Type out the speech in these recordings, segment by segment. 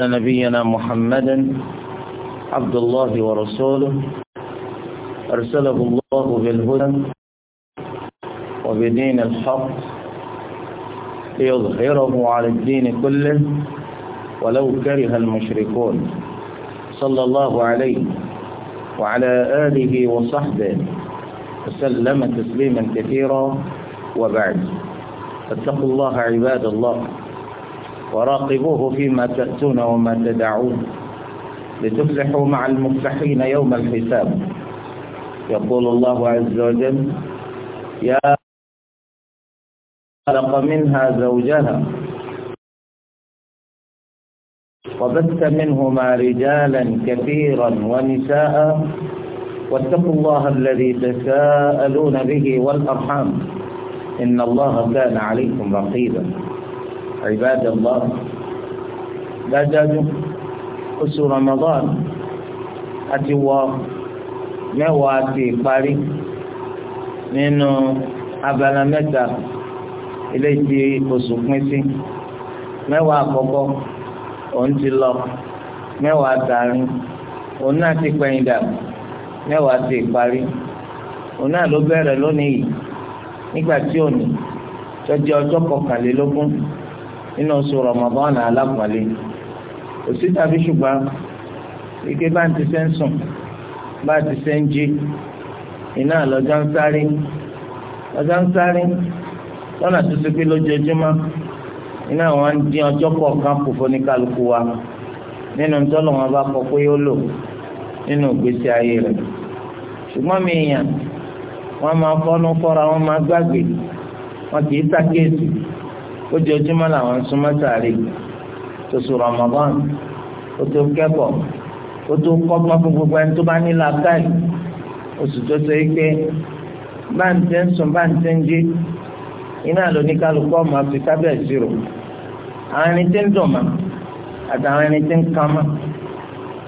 نبينا محمدا عبد الله ورسوله أرسله الله بالهدى وبدين الحق ليظهره على الدين كله ولو كره المشركون صلى الله عليه وعلى آله وصحبه وسلم تسليما كثيرا وبعد فاتقوا الله عباد الله وراقبوه فيما تأتون وما تدعون لتفلحوا مع المفلحين يوم الحساب يقول الله عز وجل يا خلق منها زوجها وبث منهما رجالا كثيرا ونساء واتقوا الله الذي تساءلون به والأرحام إن الله كان عليكم رقيبا عباد الله osu oṣù Ramadan àti wọ mẹ́wàá ti parí nínú abala mẹ́ta ilé tí oṣù pín sí mẹ́wàá àkọ́kọ́ òun ti lọ mẹ́wàá tààrin òun náà ti pẹ̀yìn dà ti parí òun náà ló bẹ̀rẹ̀ lónìí òní nínú oṣù Ramadan alápọ̀nlé òsì tàbí ṣùgbọ́n ike bá ń ti ṣe ń sùn bá ti ṣe ń jí iná lọ́jọ́ ń sáré lọ́jọ́ ń sáré lọ́nà tó ti pé lójoojúmọ́ iná wọn ń dín ọjọ́ kọ̀ọ̀kan kù fún wa nínú tọ́lọ̀ wọn bá kọ pé ó lò nínú ìgbésí ayé rẹ̀ ṣùgbọ́n mi ìyàn wọ́n máa fọ́nú fọ́ra wọ́n máa gbàgbé wọ́n kì í ṣàkíyèsí ó di ojúmọ́ làwọn súnmọ́ sàárè tó sùn Ramadan ó tó kẹ́kọ̀ọ́ ó tó kọ́gbọ́n fún gbogbo ẹni tó bá ní làákàyè oṣù tó sọ yìí pé bá ń tẹ́ ń sùn bá ń tẹ́ ń jí iná ló ní kálukú ọmọ àfi kábẹ́ẹ̀sì rò àwọn ẹni tí ń dùn mà àtàwọn ẹni tí ń kàn mà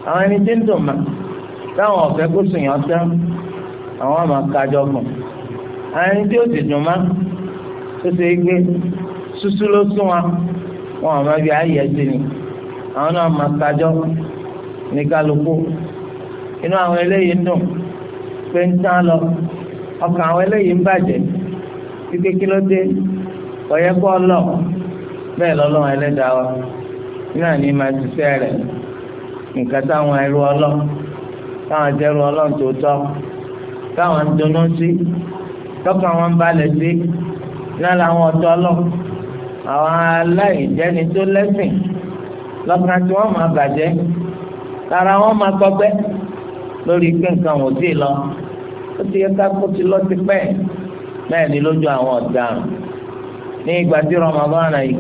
àwọn ẹni tí ń dùn mà táwọn ọ̀fẹ́ kó sùn yàn tán àwọn àmà kájọ kàn àwọn ẹni tí ó sì dùn mà tó ṣe é ṣuṣu ló sún wa wọn àwọn ọmọbi ayé ẹsẹ ni àwọn náà máa tajọ ní kálukú inú àwọn eléyìí ń dùn pé ń tán lọ ọkàn àwọn eléyìí ń bàjẹ́ kíkẹ́ kí ló dé ọ̀yẹ́ kọ́ lọ bẹ́ẹ̀ lọ́lọ́run ẹlẹ́dàá wa náà ní máa ṣiṣẹ́ rẹ̀ nǹkan táwọn ẹrú ọlọ́ táwọn jẹ́rú ọlọ́run tó tọ́ táwọn ń dunnú sí tọ́kàn wọn balẹ̀ sí náà làwọn ọ̀tọ́ ọlọ́run àwọn aláìjẹni tó lẹ́sìn lọ́kàn tí wọ́n máa bàjẹ́ lára wọn máa gbọgbẹ́ lórí pé nǹkan ò tí ì lọ ó ti yẹ ká kó ti lọ ti pẹ́ bẹ́ẹ̀ ni lójú àwọn ọ̀daràn ní ìgbà tí Ramadan yìí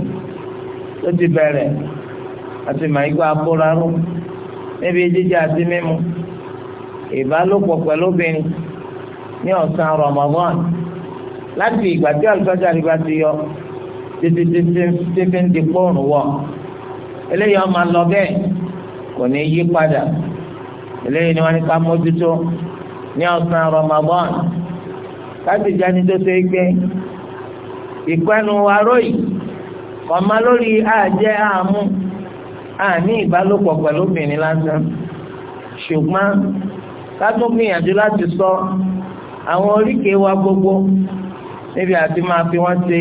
ó ti bẹ̀rẹ̀ àti màígbà abúrarú níbi jíjẹ àti mímu ìbálòpọ̀ pẹ̀lú obìnrin ní ọ̀sán Ramadan láti ìgbà tí àlùfáàjà rí bá ti yọ títí títí fi ń di pọ́ọ̀rùn wọ̀ eléyìí ọmọ lọ bẹ́ẹ̀ kò ní yí padà eléyìí ni wọ́n ní ká mójútó ní ọ̀sán Ramadan láti jáde tó ṣe é gbé ìpẹ́nu aróyì ọmọ lórí àjẹ́ àmú àní ìbálòpọ̀ pẹ̀lú obìnrin lásán ṣùgbọ́n ká tún gbìyànjú láti sọ àwọn oríkèé wa gbogbo níbi àti máa fi wọ́n ṣe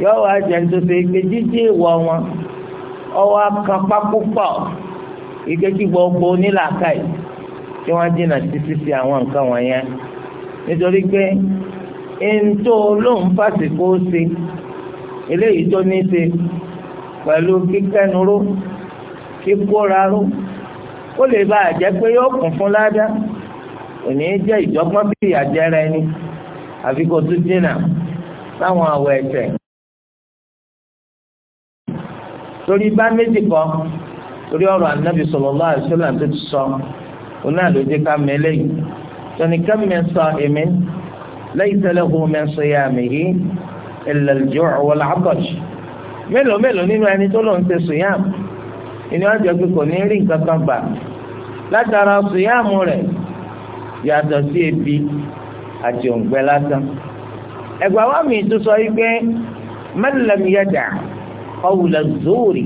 yọ wá jẹ tó ṣe ike jíjí ìwọ wọn ọwọ́ akápá púpọ̀ ìkejì gbogbo onílàákàyè tí wọ́n jìnnà títí sí àwọn nǹkan wọ̀nyẹn nítorí pé ntó lóun fàṣìkò ṣe eléyìí tó ní ṣe pẹ̀lú kíkẹ́nuró kíkóraró ó lè bá àjẹ́ pé yóò kún fún ládá òní jẹ́ ìjọgbọ́n bí ìyàjẹ́ra ẹni àfi tún dínà àwọ̀ torí bá méjì kọ́ torí ọ̀rọ̀ anabi sallallahu alaihi wasallam tó ti sọ òun náà ló dé ká mẹ́lẹ́ yìí tọ́ni ká min sa'imin laysa lahu min siyamihi illa al-ju' wal-'atash mélòó mélòó nínú ẹni tó lòun ti sùyàm ìní wọn jẹ pé kò ní rí nǹkan kan gbà látara sùyàmù rẹ̀ yàtọ̀ sí ebi àti òǹgbẹ lásán ẹgbàá wa mi tó sọ yìí pé man lam yada'. قول الزور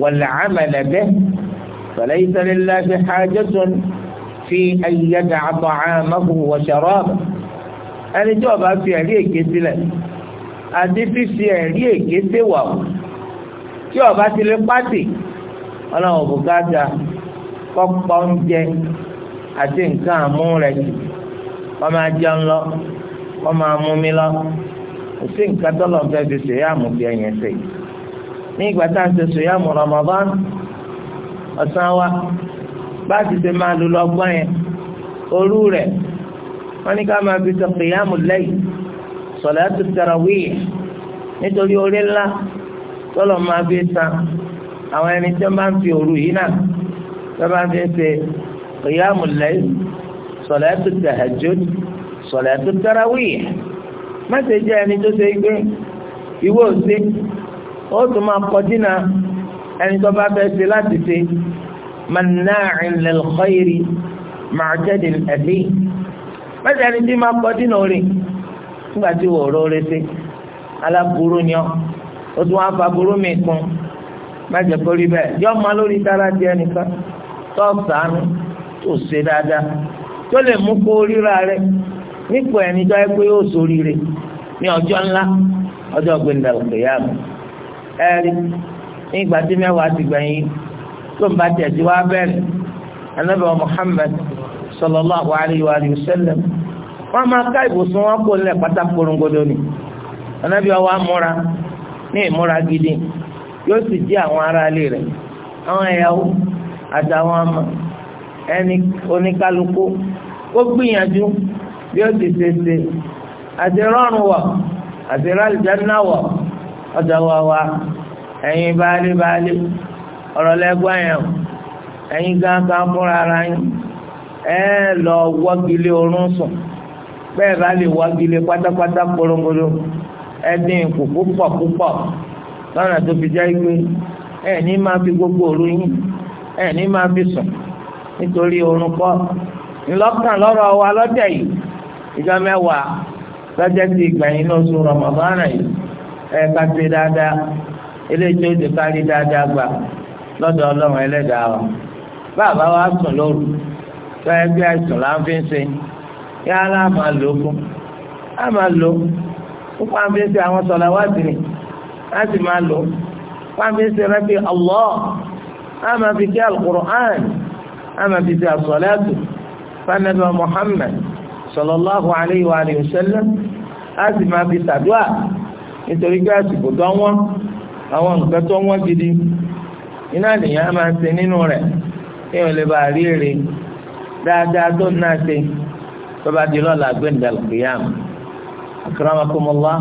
والعمل به فليس لله حاجة في أن يدع طعامه وشرابه ẹni tí ọba fi ẹ̀rí èké sílẹ̀ àti fífi ẹ̀rí èké séwà o tí ọba ti lè pàtì ọlọ́run bùkátà kọ́pọ̀ oúnjẹ àti nǹkan àmú rẹ̀ jù wọ́n máa jẹun lọ wọ́n máa mú mi lọ kò sí nǹkan tọ́lọ́ fẹ́ fi ṣèyá àmúbi ẹ̀yẹn sèyí ní ìgbà tá a ṣe sòyàmù Ramadan ọ̀sán wa bá a ti ṣe máa lò lọ́gbọ́n yẹn òru rẹ̀ wọ́n ní ká máa fi ṣe qiyāmu layl ṣalātu tarawīh nítorí orí ńlá tọ́lọ̀ máa fi san àwọn ẹni tí wọ́n bá ń fi òru yìí náà tí wọ́n bá fi ń ṣe qiyāmu layl ṣalātu tahajjud ṣalātu tarawīh má ṣe jẹ́ ẹni tó ṣe gbé ìwé òsè ó tún máa kọ dínà ẹni tó bá fẹ́ ṣe láti ṣe manna'in lil khayri ma'tadin athi mẹ́ta ẹni tí máa kọ dínà orin nígbà tí wò ró rẹ sí aláburú ni ọ ó tún wáá fa burú mi kún má jẹ́ kó rí bẹ́ẹ̀ yọ ọmọ lórí tara di ẹnìkan tó sànù tó ṣe dáadáa tó lè mú kó ríra rẹ nípò ẹni tó yẹ pé yóò sóríire ní ọjọ́ ńlá ọjọ́ gbẹndàgbẹyàmù. ẹ̀rí ní ìgbà tí mẹ́wàá ti gbẹ̀yìn tó ń bá tiẹ̀ ti wá alayhi wa sallam wọ́n máa ká ìbùsùn wọn kó lẹ̀ pátá korongodo ni Ànábì wa múra ní ìmúra gidi yóò sì jí àwọn aráalé rẹ̀ àwọn ẹ̀yàwó àtàwọn ọmọ ẹni oníkálukú ó gbìyànjú bí ó ti ṣe ṣe àti ọ̀dọ̀ wa wa ẹ̀yin baálé baálé ọ̀rọ̀ lẹ́gbọ́n yẹn ẹ̀yin gángan ara yín ẹ lọ wọ́gilé oorun sùn bẹ́ẹ̀ bá lè pátápátá polongodo ẹ dín púpọ̀ púpọ̀ lọ́nà tó fi jẹ́ fi gbogbo òru yín fi sùn nítorí oorun kọ́ ńlọ́kàn lọ́rọ̀ wa ẹ dada ṣe dáadáa eléyìí tó ti kárí dáadáa gbà lọ́dọ̀ ọlọ́run ẹlẹ́dàá wa bàbá wa sùn lóru tó ẹ àìsàn là ń yálà máa lò fún á máa lò ń àwọn sọ̀lá wá sí ni á sì máa lò nítorí gáàsì kò tó wọ́n àwọn nǹkan tó wọ́n gidi iná nìyẹn á máa ṣe nínú rẹ̀ kí wọ́n lè bá rí èrè dáadáa tó náà ṣe tó bá di lọ́la gbẹ̀ǹdà lùkìyàm àkàràmàkùmọ̀lá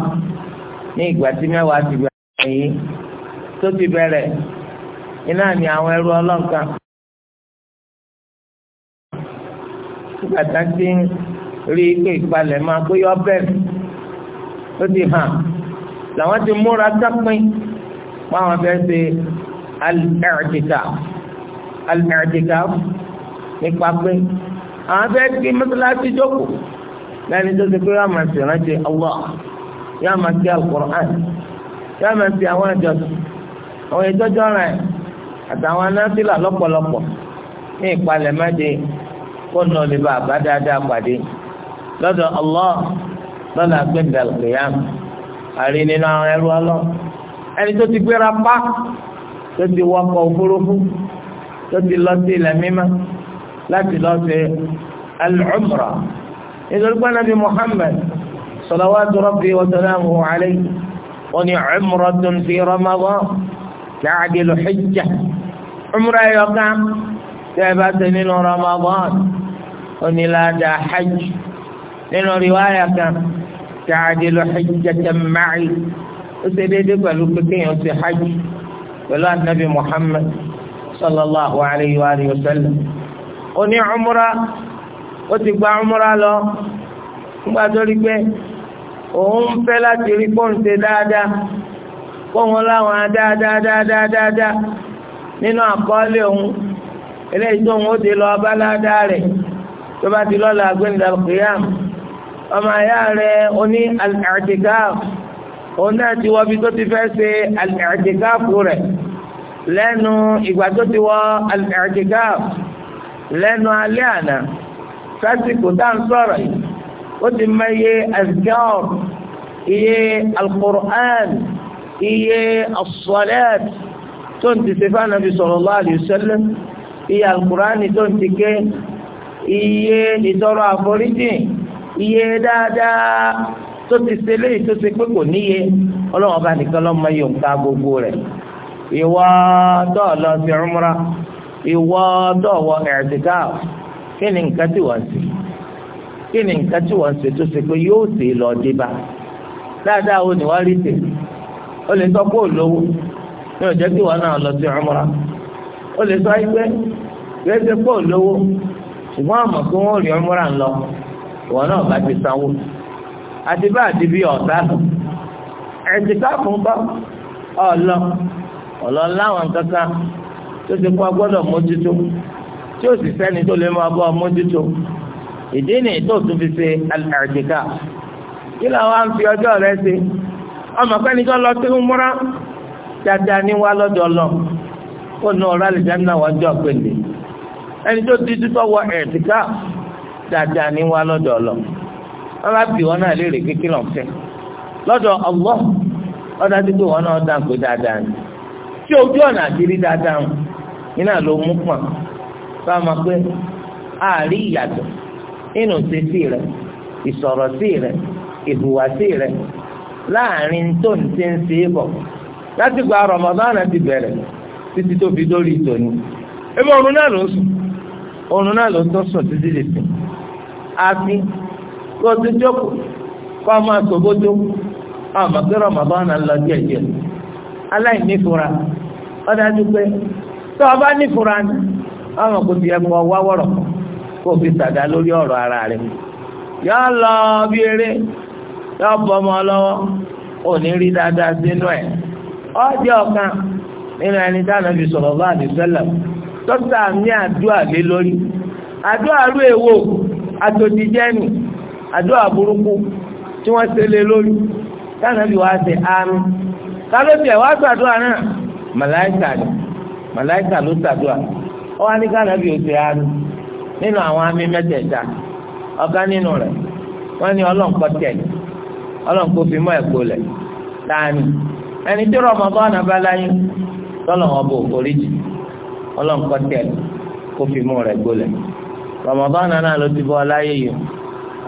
ní ìgbà tí mẹ́wàá ti gbà yìí tó ti bẹ̀rẹ̀ iná ni àwọn ẹrú ọlọ́ǹkà nígbà tá a ti rí pé ìpalẹ̀ máa pé yọ bẹ́ẹ̀ tó ti hàn làwọn ti múra dápin pa àwọn fẹ́ ṣe al-i'tikaf al-i'tikaf nípa pé àwọn fẹ́ kí mọ́sálásí jókòó lẹ́ni tó ti pé yóò máa ṣe rántí Allah yóò máa ṣe al-Qur'an yóò máa ṣe àwọn ìjọsìn àwọn ìjọjọ́ rẹ̀ àtàwọn anáfílà lọ́pọ̀lọpọ̀ ní ìpalẹ̀ mẹ́de kó nà lè bá àbá dáadáa pàdé lọ́dọ̀ Allah lọ́la gbẹ̀dàlùkìyàmù àrí nínú àwọn ẹrú ọlọ́ ẹni tó ti gbéra pa tó ti wọkọ̀ òfurufú tó ti lọ sí ilẹ̀ mímọ́ láti lọ sí al-umra nítorí pé nàbí Muhammad salawatu rabbi wa salamuhu alayhi wọn ni umratun fi Ramadan ta'dilu hijja umra yọ̀ọ̀ká tí a bá ti nínú Ramadan onílàdà hajj nínú riwaya kan. تعدل حجة معي ó ṣe déédé pẹ̀lú pé kéèyàn ṣe hajj pẹ̀lú anabi muhammed sallallahu alayhi wa sallam ó ní umra ó ti gba umra lọ nígbà tó rí pé òun fẹ́ láti rí pọ́n dáadáa pọ́n láwọn dáadáadáadáa nínú àkọọ́lẹ̀ òun eléyìí tó òun ó ti lọ abá ládàá rẹ̀ tó bá ti ọmọ ayá rẹ̀ oní al-i'tikaf òun náà ti wọ ibi tó ti fẹ́ ṣe al-i'tikaf rẹ̀ lẹ́nu ìgbà tó ti wọ al-i'tikaf lẹ́nu alẹ́ àná sásìkò tá à ń sọ̀rọ̀ yìí ó ti mọ iye azkar iye al iye as tó ń ti ṣe fún anabi sallallahu alayhi wa iye al tó ń ti ké iye ìtọrọ àforíjì. Ihe dáadáa tó ti ṣe léyìí tó ṣe pé kò níye ọlọ́wọ́n bá nìkan lọ́mọ yóò ń ká gbogbo rẹ̀ ìwọ ìwọ kí ni nǹkan tí wọ́n ni nǹkan tí wọ́n ṣe tó ṣe pé lọ dé bá dáadáa ni wọ́n rí tè ó lè sọ pé òlówó ní ọjọ́ tí wọ́n náà lọ sí ó lè sọ ìwọ náà bá ti sanwó àti bá àti bí ọ̀tá ẹ̀sì káàkùn bá ọ̀lọ́ ọ̀lọ́ láwọn kankan tó ti kọ́ gbọ́dọ̀ mójútó tí ó sì sẹ́ni tó lè máa bọ́ mójútó ìdí ni tó tún fi ṣe àjẹká kí làwọn á ń fi ọjọ́ rẹ ṣe ọmọ pẹ́ni tó lọ sí múra dáadáa ní wa lọ́dọ̀ lọ kó nu ọ̀rọ̀ àlìjáde náà wọ́n jọ pèlè ẹni tó ti tutọ́ wọ ẹ̀sì káàkùn. dáadáa ní wá lọ́dọ̀ ọ̀lọ́ wọn bá bì wọn náà léèrè kékeré ọ̀fẹ́ lọ́dọ̀ ọ̀gbọ́ ọ̀dà na wọn náà dà pé dáadáa ni tí ojú ọ̀nà iná ló mú a máa pé àárí ìyàtọ̀ nínú ṣèṣì rẹ ìsọ̀rọ̀ sí rẹ rẹ láàrin tó ń ń ṣe é bọ̀ ti bẹ̀rẹ̀ títí tó fi dórí ìtòní náà ló sùn náà ló asi. kó o tún jókòó kó o máa ọmọ pé rọmọbọ́nà lọ díẹ̀ aláìnífura ó pé tó o bá nífura ni ọmọ kò tiẹ̀ kọ́ wá kó fi lórí ọ̀rọ̀ ara rẹ̀ yọ lọ bí eré yọ ọmọ ò ní rí dáadáa sínú nínú ẹni lé lórí atòdìjẹ́nì àdúrà burúkú tí wọ́n ṣe lé lórí táwọn bí wàá ṣe àmì wá ṣàdúrà ni ló ṣàdúrà ó wá ní Kanabi ó ṣe àmì nínú àwọn àmì mẹ́tẹ̀ẹ̀ta Ọ̀gá nínú rẹ̀ wọ́n ní ọlọ́nkọ́ tẹ̀ ọlọ́nkọ́ fi mọ́ ẹ̀kọ́ lẹ̀ ẹni tí tọ́lọ̀ Ramadan náà ló ti bọ́ láyé yìí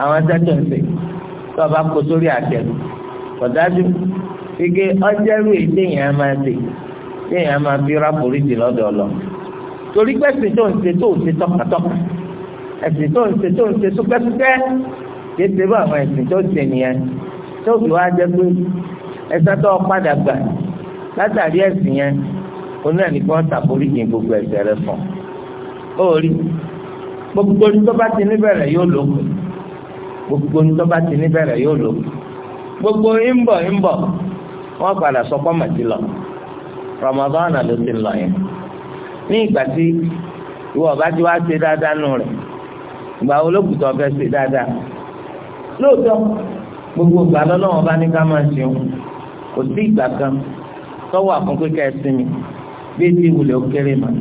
àwọn sẹ́tọ̀ ń sè tó o bá kó sórí àtẹ̀lù kọ̀dájú ike ọjẹ́rú èyí téèyàn máa sè téèyàn máa fi rápòlìtì lọ́dọ̀ lọ. torí pé ẹ̀sìn tó ń ṣe tó ń ṣe tọkàtọkà ẹ̀sìn tó ń ṣe tó ń ṣe súpẹ́súpẹ́ kéde bá àwọn ẹ̀sìn tó ń ṣe nìyẹn tó fi wá jẹ́ pé ẹ̀sán tó padà gbà látàrí ẹ̀sìn yẹn oní ẹ̀nìkan tàbórí yìí gbogbo ẹ̀sẹ̀ rẹ̀ fún ó rí i gbogbo ní tó bá ti níbẹ̀rẹ̀ yóò lópin gbogbo ní tó bá ti níbẹ̀rẹ̀ yóò lópin gbogbo ńbọ̀ ńbọ̀ wọ́n padà sọ pọ́ màtí lọ Ramadan ló ti lọ yẹn ní ìgbà tí ìwọ bá ti wá ṣe dáadáa nù rẹ̀ ìgbà wo ló kùtọ̀ fẹ́ ṣe dáadáa lóòótọ́ gbogbo ìgbà lọ́lọ́wọ́n bá ní ká máa ṣeun kò sí ìgbà kan tọ́wọ́ àfúnpẹ́kẹ́ ẹ̀sìn mi bí ti wùlẹ̀ ó kéré màá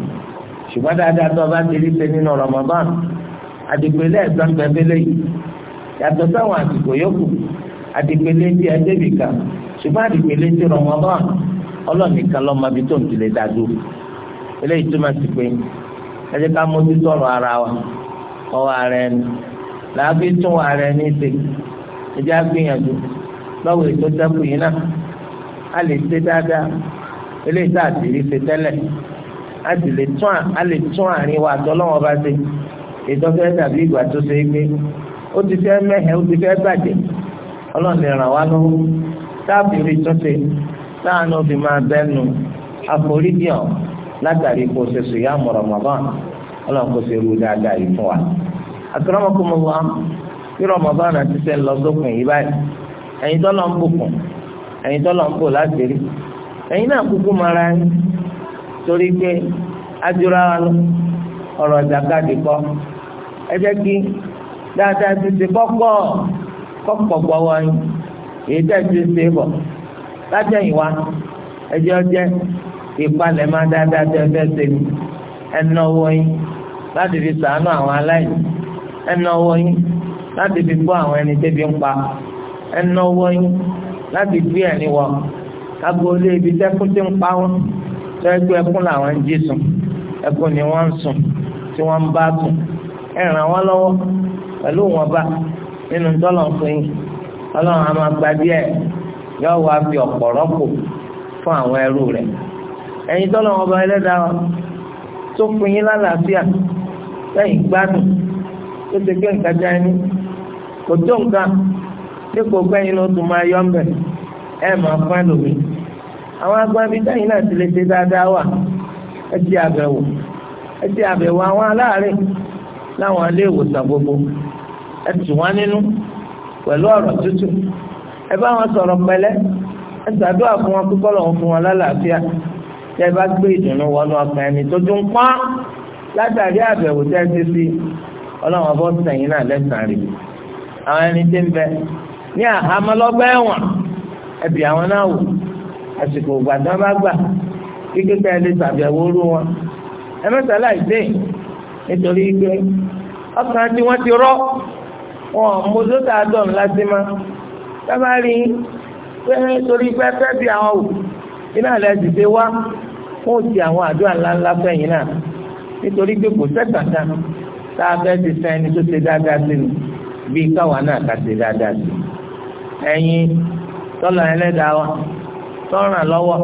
ṣùgbọ́n dáadáa tó o bá ti rí ṣe nínú Ramadan àdìgbélé ẹ̀sán pẹ̀lẹ́lẹ́ yìí yàtọ̀ sáwọn àsìkò yòókù àdìgbélé tí ẹ débì kan ṣùgbọ́n àdìgbélé tí Ramadan ọlọ́nìkan lọ́mọ ibi tó ń tilẹ̀ dá dúró eléyìí túmọ̀ sí pé ẹ ká mójú tọ̀rọ̀ ara wa ọwọ́ ara ẹni làáfi tún ara ẹni ṣe ẹ jẹ́ àgbìyànjú lọ́wọ́ ètò sẹ́kù yìí náà a lè ṣe dáadáa eléyìí tá a sì lè tún a lè tún àárín wa àtọ́lọ́wọ́n bá ṣe ìtọ́fẹ́ tàbí ìgbà tó ṣe é ó ti fẹ́ mẹ́hẹ̀ ó ti fẹ́ bàjẹ́ ọlọ́run lè ràn wá lọ́wọ́ táàbìrì túnṣe táàánú fi máa bẹ́nu àforíjì ọ̀ látàrí ṣe ọlọ́run ṣe rú dáadáa yìí fún wa. ti ṣe torí pé adúrà ọ̀rọ̀ ìjàkadì kọ́ ẹ jẹ́ kí dáadáa ti ṣe kọ́kọ́ kọ́kọ́ gbọ́wọ́ yín èyí tẹ́ ti ṣe bọ̀ látẹ̀yìn wá ẹ jẹ́ ọjẹ́ ìpalẹ̀ máa dáadáa tẹ́ fẹ́ ṣe ni ẹ náwó yín láti fi ṣàánú àwọn aláìní ẹ náwó yín láti fi gbọ́ àwọn ẹni tẹ́bi ń pa ẹ náwó yín láti gbé ẹni wọ kágbó lé ibi tẹ́kùn ti ń pa wọn. tẹ́gbẹ́ ẹkún làwọn ń jí sùn ẹkún ni wọ́n ń sùn tí wọ́n ń bá sùn ẹ ràn lọ́wọ́ pẹ̀lú wọn bá nínú tọ́lọ̀ fún yín ọlọ́run a máa gba díẹ̀ yọ wá fi ọ̀pọ̀ rọ́pò fún àwọn ẹrú rẹ̀ ọba ẹlẹ́dàá tó fún yín lálàáfíà lẹ́yìn gbádùn tó ti gbé nǹkan já ẹni kò tó nǹkan dípò gbẹ́yìn ló àwọn agbábí táyìn náà ti lè ṣe dáadáa wà ẹ ti àbẹ̀wò ẹ ti àbẹ̀wò àwọn aláàárẹ̀ láwọn ilé ìwòsàn gbogbo ẹ tù wọ́n nínú pẹ̀lú ọ̀rọ̀ tútù ẹ bá wọn sọ̀rọ̀ pẹ̀lẹ́ ẹ ṣàdúrà fún wọn pípọ́ lọ́wọ́ fún wọn lálàáfíà tẹ bá gbé ìdùnnú wọnú ọkàn ẹni tó dún pọ́n látàrí àbẹ̀wò tẹ́ ti sí ọlọ́wọ́n bọ́ sẹ́yìn náà lẹ́sàn-án rèé àwọn ẹni tí ń bẹ ní àhámọ́ lọ́gbà ẹ̀wọ̀n ẹbí àwọn náà wò àsìkò ògbà tí wọ́n bá gbà kíkẹ́ ká ẹ lè ṣàbẹ̀wò orú wọn ẹ mẹ́ta láì dé nítorí pé ọkàn tí wọ́n ti rọ́ wọn mojú tá a dọ̀ ńlá sí ma sábà rí pé torí pé fẹ́ bí àwọn wò iná rẹ̀ ti dé wá fún òsì àwọn àdúrà ńláńlá fẹ̀yìn náà nítorí pé kò sẹ́kà kan tá a fẹ́ ti sẹ́ ẹni tó ṣe dáadáa sí ni bí káwa náà ká ṣe dáadáa sí ẹ̀yin tọ́lọ̀ ẹlẹ́dàá wa. tọ́ràn lọ́wọ́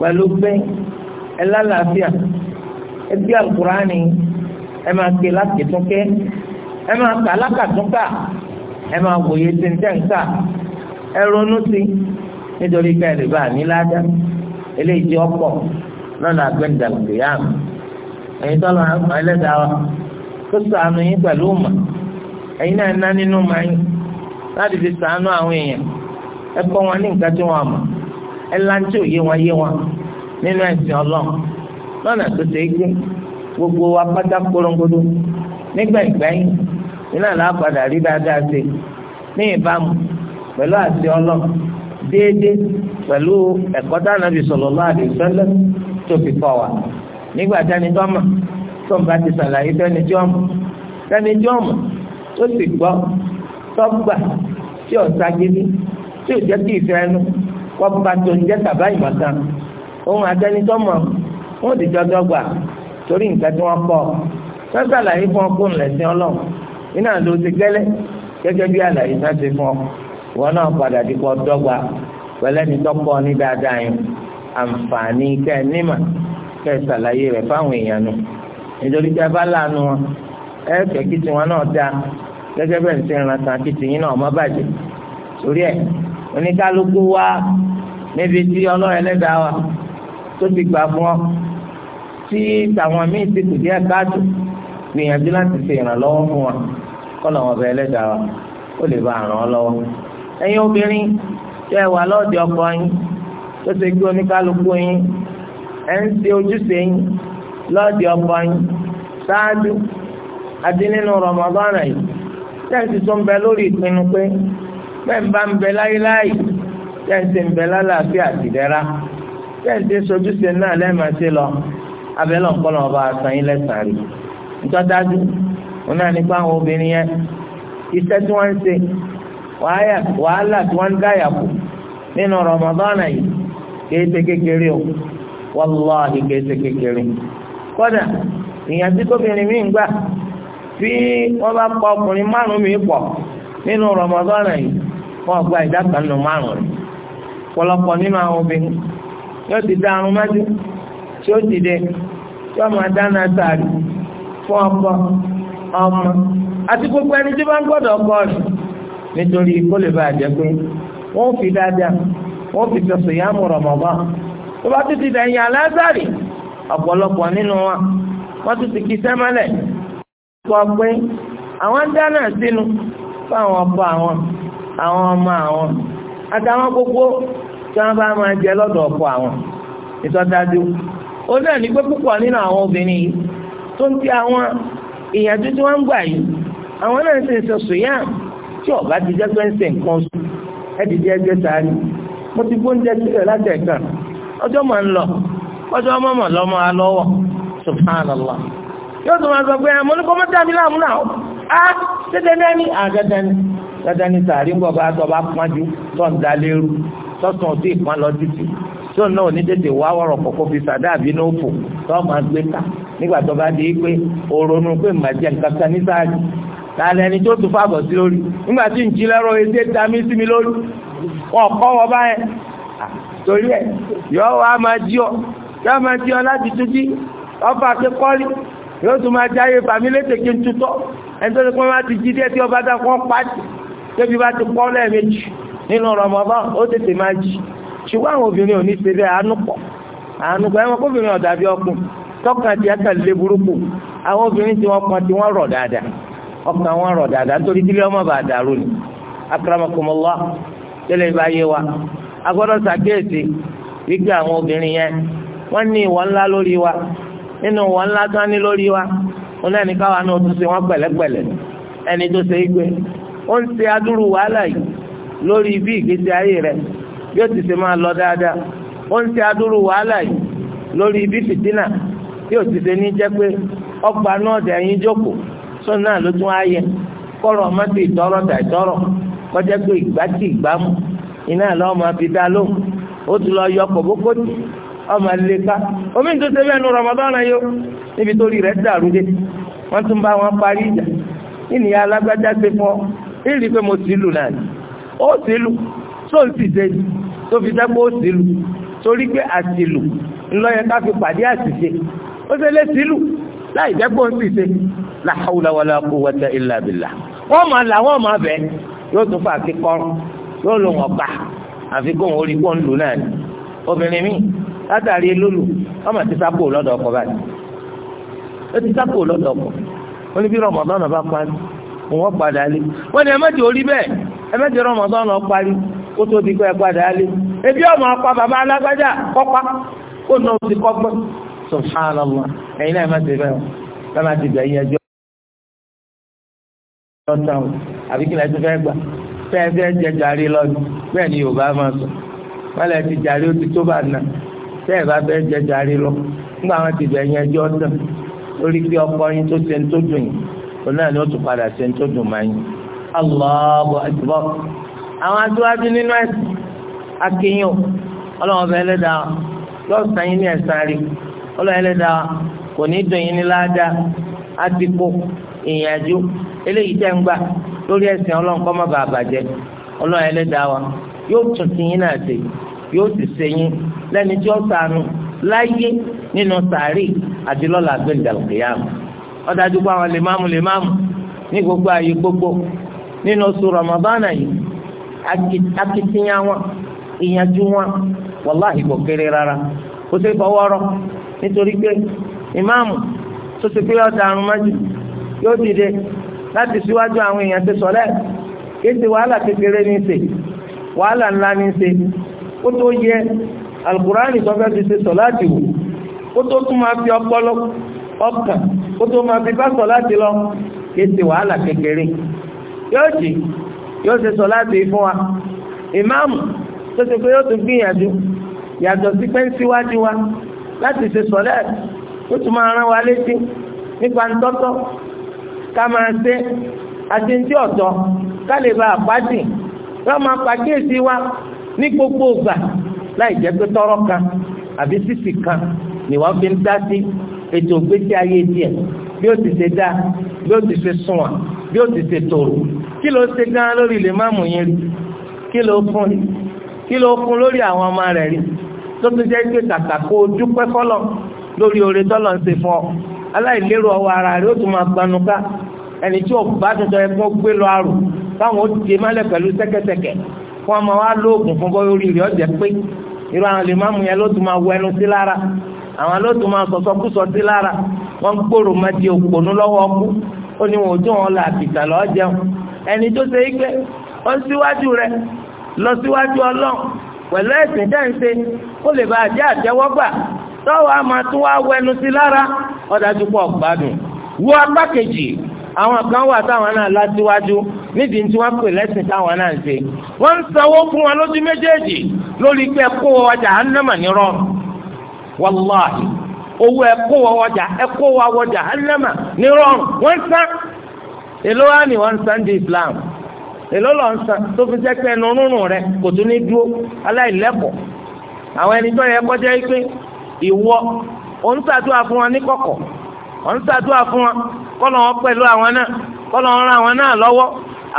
pẹ̀lú pé ẹ lálàáfíà ẹ àkùránì ẹ máa ké láti ké ẹ máa kà lákàtúnkà ẹ máa wòye tí ẹ ronú ká ẹ lè bá àní ládá eléyìí tí ó pọ̀ lọ́nà ẹ̀yin tọ́lọ́ ẹlẹ́dàá tó yín pẹ̀lú mà ẹ̀yin náà ná nínú mà yín láti fi àwọn èèyàn ẹ̀láńtì òye wọn yé wọn nínú ẹ̀sìn ọlọ́run lọ́nà tó ṣe é gbé gbogbo wa pátá korongodo nígbà ìgbẹ́yìn iná làápàdà rí dáadáa ṣe ní ìbámu pẹ̀lú àti ọlọ́run déédéé pẹ̀lú ẹ̀kọ́ tá ànábì sallallahu alaihi wasallam tó fi kọ́ wa nígbà tẹ́ni tó mọ̀ tó ń bá ti sàlàyé tẹ́ni tó mọ̀ tẹ́ni tó mọ̀ tó sì gbọ́ tó gbà tí ò sagídí tí ò jẹ́ kí ìfẹ́ ẹnu wọ́n bá tó ń jẹ́ tàbá ìmọ̀tán ohun àtẹnitọ́mọ̀ wọ́n fún jọjọ́ gbà torí nǹkan tí wọ́n kọ́ wọ́n ṣàlàyé fún ọ kó ọlọ́run iná ló ti gẹ́lẹ́ gẹ́gẹ́ bí àlàyé ti fún ọ náà padà di kọ́ dọ́gba ní dáadáa yẹn àǹfààní kẹ́ ẹ kẹ́ ẹ rẹ̀ fáwọn èèyàn nù nítorí tí a bá láàánú wọn ẹ kí tiwọn náà dáa gẹ́gẹ́ bẹ́ẹ̀ kí tiyín náà torí oníkálukú wa níbi tí ọlọ́run ẹlẹ́dàá wa tó ti gbà fún ọ tí àwọn míì ti kù díẹ̀ káàtó gbìyànjú láti ṣe ìrànlọ́wọ́ fún wa kọ́nà wọn bẹ ẹlẹ́dàá wa ó lè bá ràn án lọ́wọ́. ẹ̀yin obìnrin tẹ́ ẹ wà lọ́ọ̀dì ọkọ yín tó ṣe gbé oníkálukú yín ẹ̀ ń ṣe ojúṣe yín lọ́ọ̀dì ọkọ yín ṣáájú àti nínú Ramadan yìí tẹ́ ẹ ti tún bẹ lórí ìpinnu pé mẹ́ǹbà ń bẹ láyéláyé tẹ́ǹtì ń bẹ lálàáfíà àtìdẹ́ra tẹ́ǹtì sojúṣe náà lẹ́ẹ̀mà sí lọ abẹ́lẹ̀ ọ̀pọ̀lọ̀ ọba àtàn lẹ́sàn-án rí ntọ́dájú òun náà nípa àwọn obìnrin yẹn iṣẹ́ tí wọ́n ń ṣe wàhálà tí wọ́n ń dáyà nínú Ramadan yìí kéèṣe kékeré o wàláhì kéèṣe kékeré kódà ìyàtí tóbìnrin mi ń gbà tí wọ́n bá pa ọkùnrin márùn-ún mi pọ̀ wọn gba ìdá kan nù márùn rẹ̀ pọ̀lọpọ̀ nínú àwọn obìnrin yóò ti dá arun mọ́jú tí ó ti dé tí wọ́n máa dáná sáré fún ọkọ ọmọ àti gbogbo ẹni tí wọ́n gbọ́dọ̀ ọkọ rẹ̀ nítorí kó lè bàa jẹ́ pé wọ́n fi dáadáa wọ́n fi sọ̀sọ̀ yá mú Ramadan tó bá tún ti dẹ̀yìn alásàrì ọ̀pọ̀lọpọ̀ nínú wa wọ́n tún ti kí sẹ́mọ́lẹ̀ kọ́ pé àwọn dáná sínú fún àwọn ọkọ àwọn. àwọn ọmọ àwọn àtàwọn gbogbo tí wọ́n bá máa jẹ lọ́dọ̀ ọkọ àwọn ó náà ní pé púpọ̀ nínú àwọn obìnrin yìí tó ń ti àwọn ìyànjú tí wọ́n ń gbà yìí àwọn náà ń ṣe sọ sòyàn tí ọba ti jẹ́ pé ń nǹkan oṣù sáré mo ti láti ń lọ yóò tó máa sọ pé àmọ́ ní kọ́mọ́tà mi dáadáa ní sàárì ń bọ̀ bá tọ́ bá pọ́njú tó ń da lérú tọ́sán òtí ìpọ́n lọ títì tó náà ò ní tètè wá wọ̀rọ̀ kọ̀kọ́ fi sàdáàbí ní òfò tó máa gbé ta nígbà tó bá di pé òronú pé màjẹ nǹkan kan ní sáàjì lálẹ́ ẹni tó tún fàbọ̀ sí lórí nígbà tí ń jí lẹ́rọ ẹdẹ ta mí sí mi lórí wọn kọ́ wọ báyẹn torí ẹ yọ wá máa jí ọ yọ máa jí ọ láti tún ọba àti kọ́lí yóò tún máa jáyé fàmílétèké ń tutọ́ ẹni tó ti pọ́n máa ti jí díẹ̀ tí ọba dá fún ọ pàtì débi bá ti pọ́ lẹ́ẹ̀mejì nínú Ramadan ó tètè máa jì ṣùgbọ́n àwọn obìnrin ò ní ṣe bẹ́ẹ̀ àánú pọ̀ àánú pọ̀ ẹ̀wọ̀n kóbìnrin ọ̀dà bí ọkùn tọkàn tí ẹ̀ka lé burúkú àwọn obìnrin tí wọ́n kan tí wọ́n rọ̀ dáadáa ọkàn wọn rọ̀ dáadáa nítorí kílí ọmọ bá dàrú ni akramakumullah tẹ́lẹ̀ bá yé wa agbọ́dọ̀ ṣàkíyèsí wípé àwọn obìnrin yẹn wọ́n ní ìwọ̀ ńlá lórí wa nínú ìwọ̀ ńlá tán ní lórí wa wọn náà ní káwa náà tún ṣe wọ́n pẹ̀lẹ́pẹ̀lẹ́ ẹni tó ṣe é gbé wọ́n ti ṣe adúrú wàhálà yìí lórí bí ìgbésí ayé rẹ yóò ti ṣe lọ dáadáa wọ́n ti adúrú wàhálà yìí lórí bí fìtínà yóò ti ṣe ní jẹ́ pé ọgbà náà dẹ̀ ẹ̀yìn jókòó sọ́n náà ló tún ayẹ kọ́rọ̀ ọmọ ti ìtọ́rọ̀ tà ìtọ́rọ̀ kọjá pé ìgbà tí ìgbà mú iná lọ́wọ́ máa fi dá lóhùn ó ti lọ yọ ọmọ omi tó ṣe bẹ́ẹ̀ nu yó níbi tó rí ìrì pé mo sì lù náà ni ó sì lù tó ń sì sẹ́yìn tó fi sẹ́kọ̀ ó sì lù torí pé àsìlù ńlọ́yẹ ká fi pàdé àṣìṣe ó ṣe lé sílù láì jẹ́pọ̀ ń sì ṣe la hawla wala quwwata illa billah wọ́n máa là wọ́n máa bẹ̀ yóò tún fà kí kọ́rùn yóò lò wọ́n pa àfi kó wọn ò rí kó ń lù náà ni obìnrin mi látàrí lólu wọ́n ti sápò lọ́dọ̀ ọkọ báyìí ó ti sápò lọ́dọ̀ ọkọ ó ní bí rọmọdán náà bá pa á wọ́n padà lé wọ́n ní ẹ orí bẹ́ẹ̀ ẹ rọmọdọ́nà parí tó di ẹ padà lé ebi ọmọ ọpa bàbá alágbájá kọ́pá kó nà ó ti kọ́gbọ́n subhanallah ẹ̀yin náà ti bẹ́ẹ̀ má ti bẹ́ẹ̀ lọ́tàn àbí kí fẹ́ gbà fẹ́ẹ́ jẹ jàre lọ́dún bẹ́ẹ̀ ti jàre ó náà ni ó tún padà ṣe ń tó dùn máa ń yìn Allahu akbar àwọn adúlájú nínú ẹ̀sìn akéyìn ọlọ́wọ́n bẹ ẹlẹ́dàá lọ́sàn-án yín ní ẹ̀sán rí ọlọ́wọ́n ẹlẹ́dàá kò ní dùn yín ní ládàá àtìkù ìyànjú eléyìí tẹ́ ń gbà lórí ẹ̀sìn ọlọ́run kọ́ má bàa bàjẹ́ ọlọ́run ẹlẹ́dàá wa yóò tún ti yín náà ṣe yóò sì ṣe yín lẹ́ni tí ó sànù láyé nínú sàárì àti lọ́la ọ̀dájú pé àwọn lèmáàmù lèmáàmù ní gbogbo ààyè gbogbo nínú oṣù ramadana yìí akitiyan wọn ìyànjú wọn wàláhì kò kéré rárá kò sí fọwọ́rọ́ nítorí pé ìmáàmù tó ti pé ọ̀dà àrùn májú yóò dìde láti síwájú àwọn èèyàn ti sọ̀lẹ́ kéde wàhálà kékeré ní í ṣe wàhálà ńlá ní ṣe kó tó yẹ alukurani tó fẹ́ fi ṣe sọ̀láàtì wò kó tó tún máa fi ọpọlọ ọkàn kó tó máa fi bá sọ láti lọ kí ti wàhálà kékeré yóò jì yóò ṣe sọ láti fún wa ìmáàmù tó ṣe pé yóò tún gbìyànjú yàtọ̀ sí pé ń síwájú wa láti ṣe sọ̀lẹ́ ó tún máa rán wa létí nípa ntọ́tọ́ ká máa ṣe àti ntí ọ̀tọ̀ ká lè ba àpáàdì wọ́n máa pàkíyèsí wa ní gbogbo ìgbà láì jẹ́ pé tọ́rọ́ kan àbí sísì kan ni wọ́n fi ń dá sí ètò ìgbésí ayé díẹ̀ bí ó ti ṣe dá bí ó ti ṣe sunwọ̀n bí ó ti ṣe tòrò kí ló ṣe gan lórí lè má mú yín rí kí ló fún rí kí ló fún lórí àwọn ọmọ rẹ̀ rí tó tún jẹ́ pé kàkà kó o dúpẹ́ fọ́lọ̀ lórí oore tọ́lọ̀ ń ṣe fún ọ aláìlérò ọwọ́ ara rẹ̀ ó tún máa gbanuká ẹni tí ọba tuntun ẹ fún gbé lọ àrùn táwọn ó tiẹ̀ mọ́lẹ̀ pẹ̀lú sẹ́kẹ̀sẹ̀kẹ̀ fún ọmọ wa lóògùn fún bọ́ orí rẹ̀ ọ̀jẹ̀ pé irú àwọn lè má yẹn ló tún máa wọ ẹnu sí lára àwọn lóòótọ́ máa sọ̀sọ́ kú sọtí lára wọ́n ń gbòòrò má di òpònú lọ́wọ́ ọkú ó ní wọn ò tó wọn là àbìtà lọ́ọ́ jẹun ẹni tó ṣe é gbé ó ń síwájú rẹ lọ síwájú ọlọ́run pẹ̀lú ẹ̀sìn dáǹṣe kó lè bá àjẹ́ àtẹ́wọ́gbà tọ́wọ́ a máa tún wá wẹnu sí lára ọ̀dájú pọ̀ gbádùn wo apá kejì àwọn kan wà táwọn náà láṣíwájú nídìí tí wọ́n pè lẹ́sìn táwọn náà ń ṣe wọ́n ń sanwó fún wọn lójú méjèèjì lórí pé kó wọ́n wájà á nàmà owu owó ẹ̀kọ́ wa wọjà ẹ̀kọ́ wa wọjà hánàmà ní rọrùn san èló ni wọn san di Islam èló lọ san tó fi sẹ́kẹ́ ẹnu rúnrún rẹ kò tún ní dúró àwọn ẹni tó yẹ kọjá yìí pé ìwọ fún wọn ní wọn àwọn náà náà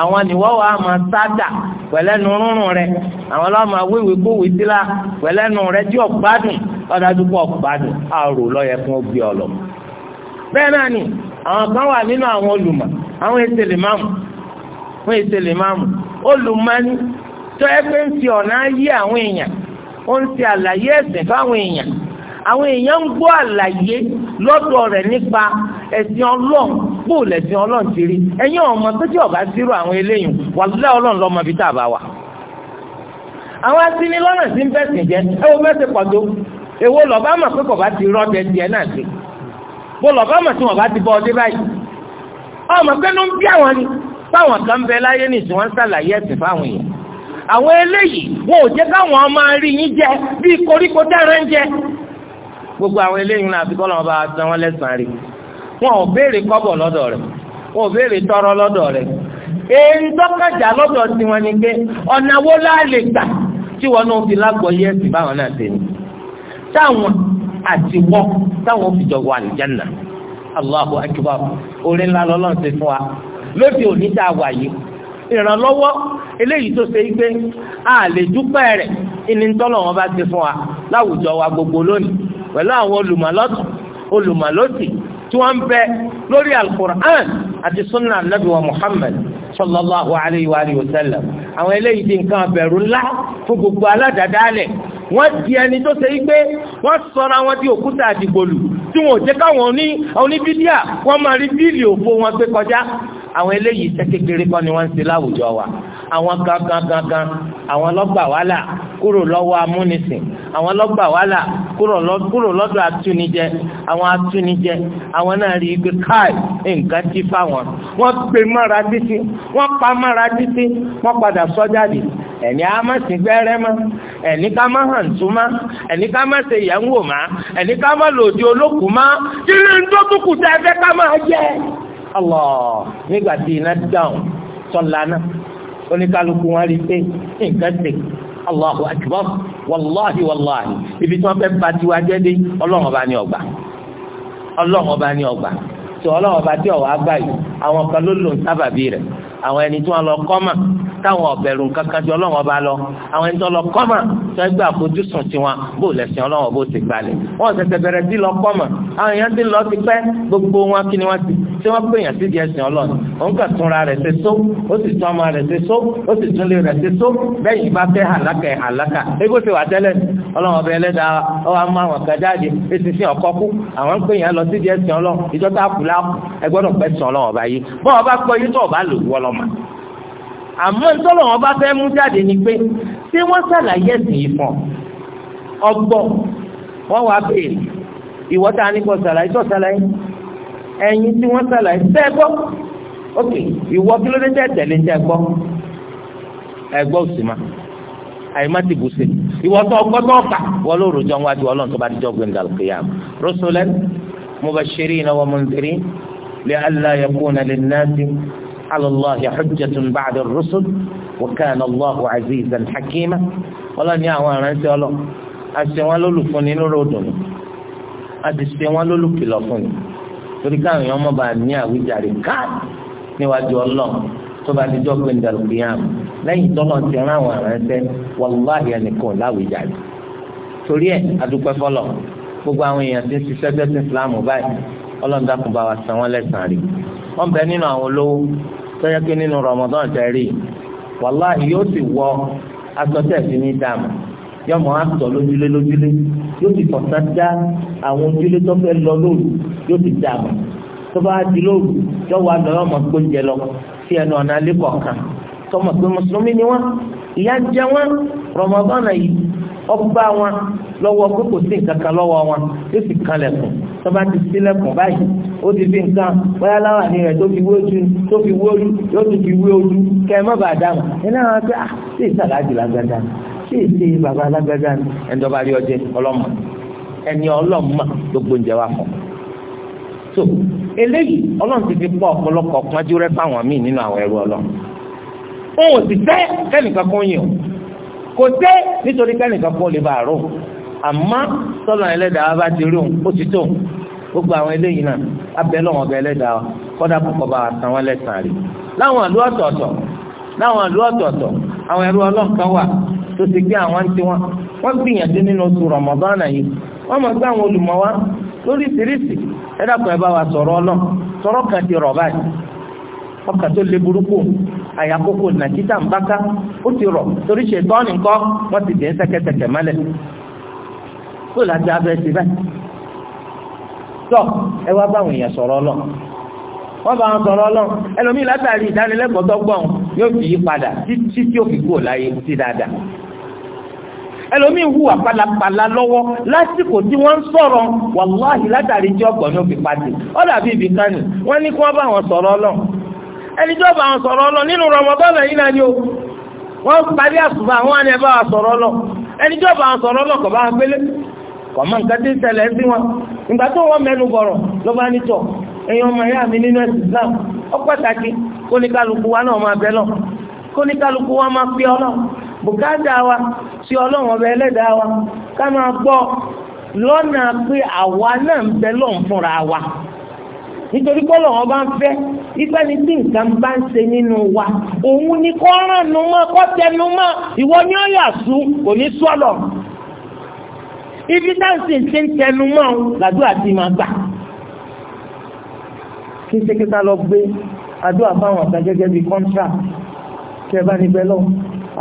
àwọn nìwọ́ wa máa sáàdà pẹ̀lẹ́nu rúnrún rẹ àwọn lọ́wọ́ máa wéwèé kówèé sí la pẹ̀lẹ́nu rẹ tí ọ̀gbádùn ọ̀dájú pọ̀ ọ̀gbádùn àrò lọ́yẹ fún ògbé ọ̀lọ́ bẹ́ẹ̀ náà ni àwọn kan wà nínú àwọn olùmọ̀ àwọn ètèlè máàmù fún ètèlè máàmù olùmọ̀ni tó ẹgbẹ́ ń fi ọ̀nà ayé àwọn èèyàn ó ń ṣe àlàyé ẹ̀sìn fáwọn èèyàn àwọn èèyàn ń gbọ́ àlàyé lọ́dọ̀ rẹ̀ nípa ẹ̀sìn ọlọ́run bó lẹ̀sìn ọlọ́run ti rí ẹ̀yin ọmọ tó tí ọ̀bá sírò àwọn eléyìí wàlúùlẹ̀ ọlọ́run lọ́mọ ibi tá a bá wà. àwọn asinilọ́nà sí ń bẹ̀sìn jẹ́ ẹ wo bẹ́sẹ̀ pọ̀ tó èwo lọ́ba mọ̀ pé kọ̀ọ̀bá ti rọ́ jẹ tiẹ̀ náà sí bó lọ́ba mọ̀ tí wọ́n bá ti bọ́ ọdẹ báyìí àwọn eléyìí wọn ò jẹ́ káwọn ọmọ rí jẹ bíi koríko dára ń jẹ gbogbo àwọn eléyìí náà àfikọ́ lọ́wọ́ bá san wọ́n lẹ́sàn-án rẹ̀ wọn ò béèrè kọ́bọ̀ lọ́dọ̀ rẹ̀ wọn ò béèrè tọrọ lọ́dọ̀ rẹ̀ èyí tọ́kàjà lọ́dọ̀ tiwọn ni pé ọ̀nà wo láà lè gbà tí wọn náà fi lágbọ̀ yẹ́ sí báwọn náà ṣe ni táwọn àti wọ́n táwọn fi jọ wà àlùjánnà Allahu akbar orí ńlá lọ́lọ́ ṣe fún wa lóde òní tá a wà yìí ìrànlọ́wọ́ eléyìí tó ṣe pé a lè dúpẹ́ rẹ̀ ìní tọ́lọ̀ wọn bá ṣe fún wa láwùjọ wa gbogbo lónìí pẹ̀lú àwọn olùmọ̀lọ́tì olùmọ̀lọ́tì tí wọ́n ń bẹ lórí alukur'an àti sunna anabi wa muhammad sallallahu alayhi wa alihi wa sallam àwọn eléyìí di nǹkan abẹ̀rù ńlá fún gbogbo aládàádáálẹ̀ wọ́n di ẹni tó ṣe wípé wọ́n sọra wọn di òkúta àdìgbòlù tí wọn ò jẹ́ káwọn oníbídíà wọ́n máa rí bíìlì òfo wọn pé kọjá àwọn eléyìí iṣẹ́ kan ni wọ́n ń ṣe láwùjọ wa àwọn gangan gangan àwọn lọ́gbà wàhálà kúrò lọ́wọ́ amúnisìn àwọn lọ́gbà wàhálà kúrò lọ́dọ̀ atúnijẹ àwọn atúnijẹ àwọn náà rí ibi káì nǹkan ti fáwọn wọ́n pè mọ́ra títí wọ́n pa mọ́ra títí wọ́n padà sọ jáde ẹni a má sí gbẹ́rẹ́ mọ́ ẹni ká má hàn tún mọ́ ẹni ká má ṣe ìyàwó mọ́ ẹni ká má lòdì olókùn mọ́ kí ń tó kúkú tẹ́ fẹ́ ká máa jẹ́. Allah nígbà tí iná dáhùn sọ̀lá náà oníkálukú wọn rí pé nǹkan tẹ̀ Allahu akbar wàláhi wàláhi ibi tí wọ́n fẹ́ bá tiwa jẹ́ dé ọlọ́run ọba ní ọgbà ọlọ́run ọba ní ọgbà tí ọlọ́run ọba tí ọ̀wá gbà àwọn kan ló lò ń sábàbí rẹ̀ àwọn ẹni tí wọ́n lọ kọ́mà táwọn ọ̀bẹ̀rù kankan ju ọlọ́wọ́n bá lọ àwọn ẹni tí wọ́n lọ kọ́mà tó ẹgbẹ́ àfojúsùn tiwọn bó lẹ̀sìn ọlọ́wọ́n bó ti gbalẹ̀ wọ́n ṣẹ̀ṣẹ̀ bẹ̀rẹ̀ sí lọ kọ́mà àwọn èèyàn ti lọ ti pẹ́ gbogbo wọn kí ni wọ́n ti tí wọ́n pè yàn sí di ẹ̀sìn ọlọ́run òun kà túnra rẹ̀ ṣe só ó sì tún ọmọ rẹ̀ ṣe só ó sì tún lé rẹ̀ ṣe só bẹ́ẹ̀ yìí bá fẹ́ hàlákà ẹ̀ hàlákà égó ti wà tẹ́lẹ̀ ọlọ́run ọbẹ̀ ẹlẹ́dàá ọwọ́ àmọ́ àwọn kan jáde èsì sí ọkọ kú àwọn ń pè yàn lọ sí di ẹ̀sìn ọlọ́run ìjọ tá a pẹ́ sùn ọlọ́run ọba yìí bọ́ọ̀ bá pọ̀ yìí tó ọba lò wọ́ lọ́m mọ̀ àmọ́ ntọ́lọ̀ wọn bá fẹ́ mú jáde ni pé tí wọ́n ṣàlàyé ẹ̀sìn yìí fún ọ ọgbọ́n wọ́n wá béèrè ìwọ́ tá a ní kọ́ ṣàlàyé tó ṣàlàyé ẹ̀yin tí wọ́n ṣàlàyé tẹ́ ẹ gbọ́ ok ìwọ́ kí ló dé tẹ́ tẹ̀lé tẹ́ gbọ́ ẹ gbọ́ òsì ma àyèmá ti bù sí ìwọ́ tó ọgbọ́ tó ọkà wọ́n ló rojọ́ wájú ọlọ́run tó bá ti jọ́ gbẹ̀ngà lókèyà rusulan mubashirina wa mundhirina li alla yakuna lin-nasi على الله حجة بعد الرسل وكان الله عزيزا حكيما ولن يعوان أنت الله أسوان لولفني نرودني أدسوان لولك لفني torí káwọn èèyàn mọ̀ bá ní àwíjàre ká níwájú ọlọ́run tó bá ti jọ́ pé ń dàrú kìíyàn lẹ́yìn tó náà ti rán àwọn àránṣẹ́ wàláhì ẹnìkan láwíjàre torí ẹ̀ adúpẹ́ fọlọ́ gbogbo àwọn èèyàn ti ń ṣiṣẹ́ tẹ́sí Islam báyìí ọlọ́run dákun bá wa san wọ́n lẹ́sàn-án rí wọ́n bẹ nínú àwọn olówó tó yẹ kí nínú Ramadan tẹ rí wàláhì yóò sì wọ aṣọ tẹ̀ sí ní dàmú yóò mọ àtọ lójúlé lójúlé yóò sì fọ̀sá dá àwọn ojúlé tó fẹ́ lọ lóru yóò sì dàmú tó bá di lóru yóò wá lọ yóò mọ gbóúnjẹ lọ sí ẹnu ọ̀nà alẹ́ kọ̀ọ̀kan tọmọ pé mùsùlùmí ni wọ́n ìyá jẹ wọ́n Ramadan yìí ọba wọn lọ́wọ́ pé kò sí nǹkan kan lọ́wọ́ wọn yóò sì kanlẹ̀kùn tó bá ti sílẹ̀kùn báyìí ó ti fi nǹkan bóyá láwà ní rẹ̀ tó fi wé ojú tó fi wé ojú yóò tún fi wé ojú kẹ ẹ má bàa dáhùn ẹ wọn pé ah sí ìsàlájì lágbádá sí ìsè bàbá lágbádá ẹnìdọ́ba rí ọjẹ ọlọ́mọ ẹni ọlọ́mọ gbogbo oúnjẹ wa kọ so eléyìí ọlọ́run ti fi pọ̀ ọ̀pọ̀lọpọ̀ pọ́njú rẹ́ fáwọn míì nínú àwọn ẹrú ọlọ́run òun ò sì fẹ́ kẹ́nìkan kò tẹ́ nítorí kẹ́nìkan kó lè bá àrò àmọ́ sọ́lọ́ ẹlẹ́dàá bá ti rí òun ó ti tó gbogbo àwọn eléyìí náà abẹ́ lọ́wọ́ ẹlẹ́dàá kọ́dà púpọ̀ bá rí láwọn ọ̀tọ̀ọ̀tọ̀ láwọn ọ̀tọ̀ọ̀tọ̀ àwọn ẹrú wà tó ti gbé àwọn wọ́n gbìyànjú nínú oṣù yìí wọ́n ọkà tó lé burúkú àyàkókò nàìjíríà ń bá ká ó ti rọ̀ torí ṣe tọ́ọ̀nì ńkọ́ wọ́n ti dẹ̀ ń sẹ́kẹ́sẹ̀kẹ̀ mọ́lẹ̀ kó láti abẹ́ ti bẹ́ẹ̀ tọ́ ẹ wá báwọn èèyàn sọ̀rọ̀ lọ wọ́n bá wọn sọ̀rọ̀ lọ ẹlòmíì látàrí ìdánilẹ́kọ̀ọ́ tó gbọ̀n yóò fi yí padà títí tí ó fi kúrò láyé ti dáadáa ẹlòmíì hùwà palapala lọ́wọ́ lásìkò tí wọ́n ń sọ̀rọ̀ wàláhì látàrí tí ọgbọ̀n yóò fi pàdé ọ̀dà bíi ibìkan ni wọ́n ní kí wọ́n bá wọn sọ̀rọ̀ lọ ẹnìjọba tí sọ̀rọ̀ ọlọ nínú rọmọdọ́nà yìí náà ni o wọ́n parí àsùbà àwọn ni sọ̀rọ̀ ọlọ ẹnìjọba tí sọ̀rọ̀ ọlọ kọ̀ bá wọn gbélé kọ̀ mọ́ nǹkan tí ń sí wọn ìgbà tó wọ́n mẹ́nu bọ̀rọ̀ ló bá ní tọ̀ èèyàn ọmọ mi nínú ẹ̀sìn Islam ó pàtàkì kóníkálukú wa lọ kóníkálukú wa máa bùkátà wa sí ẹlẹ́dàá wa ká máa gbọ́ lọ́nà pé àwa nítorí kọ́lọ̀ wọn bá ń fẹ́ ipá ni tí nǹkan bá ń ṣe nínú wa òun ni kọ́ ràn nu mọ́ kọ́ tẹnu mọ́ ìwọ ni ó yà sú kò ní sọ́lọ̀ ibi táǹsì ti ń tẹnu mọ́ làdúrà ti máa gbà kí sẹ́kítà lọ gbé àdúrà fáwọn ọ̀gá gẹ́gẹ́ bíi kọ́ńtà kẹ́ bá níbẹ̀ lọ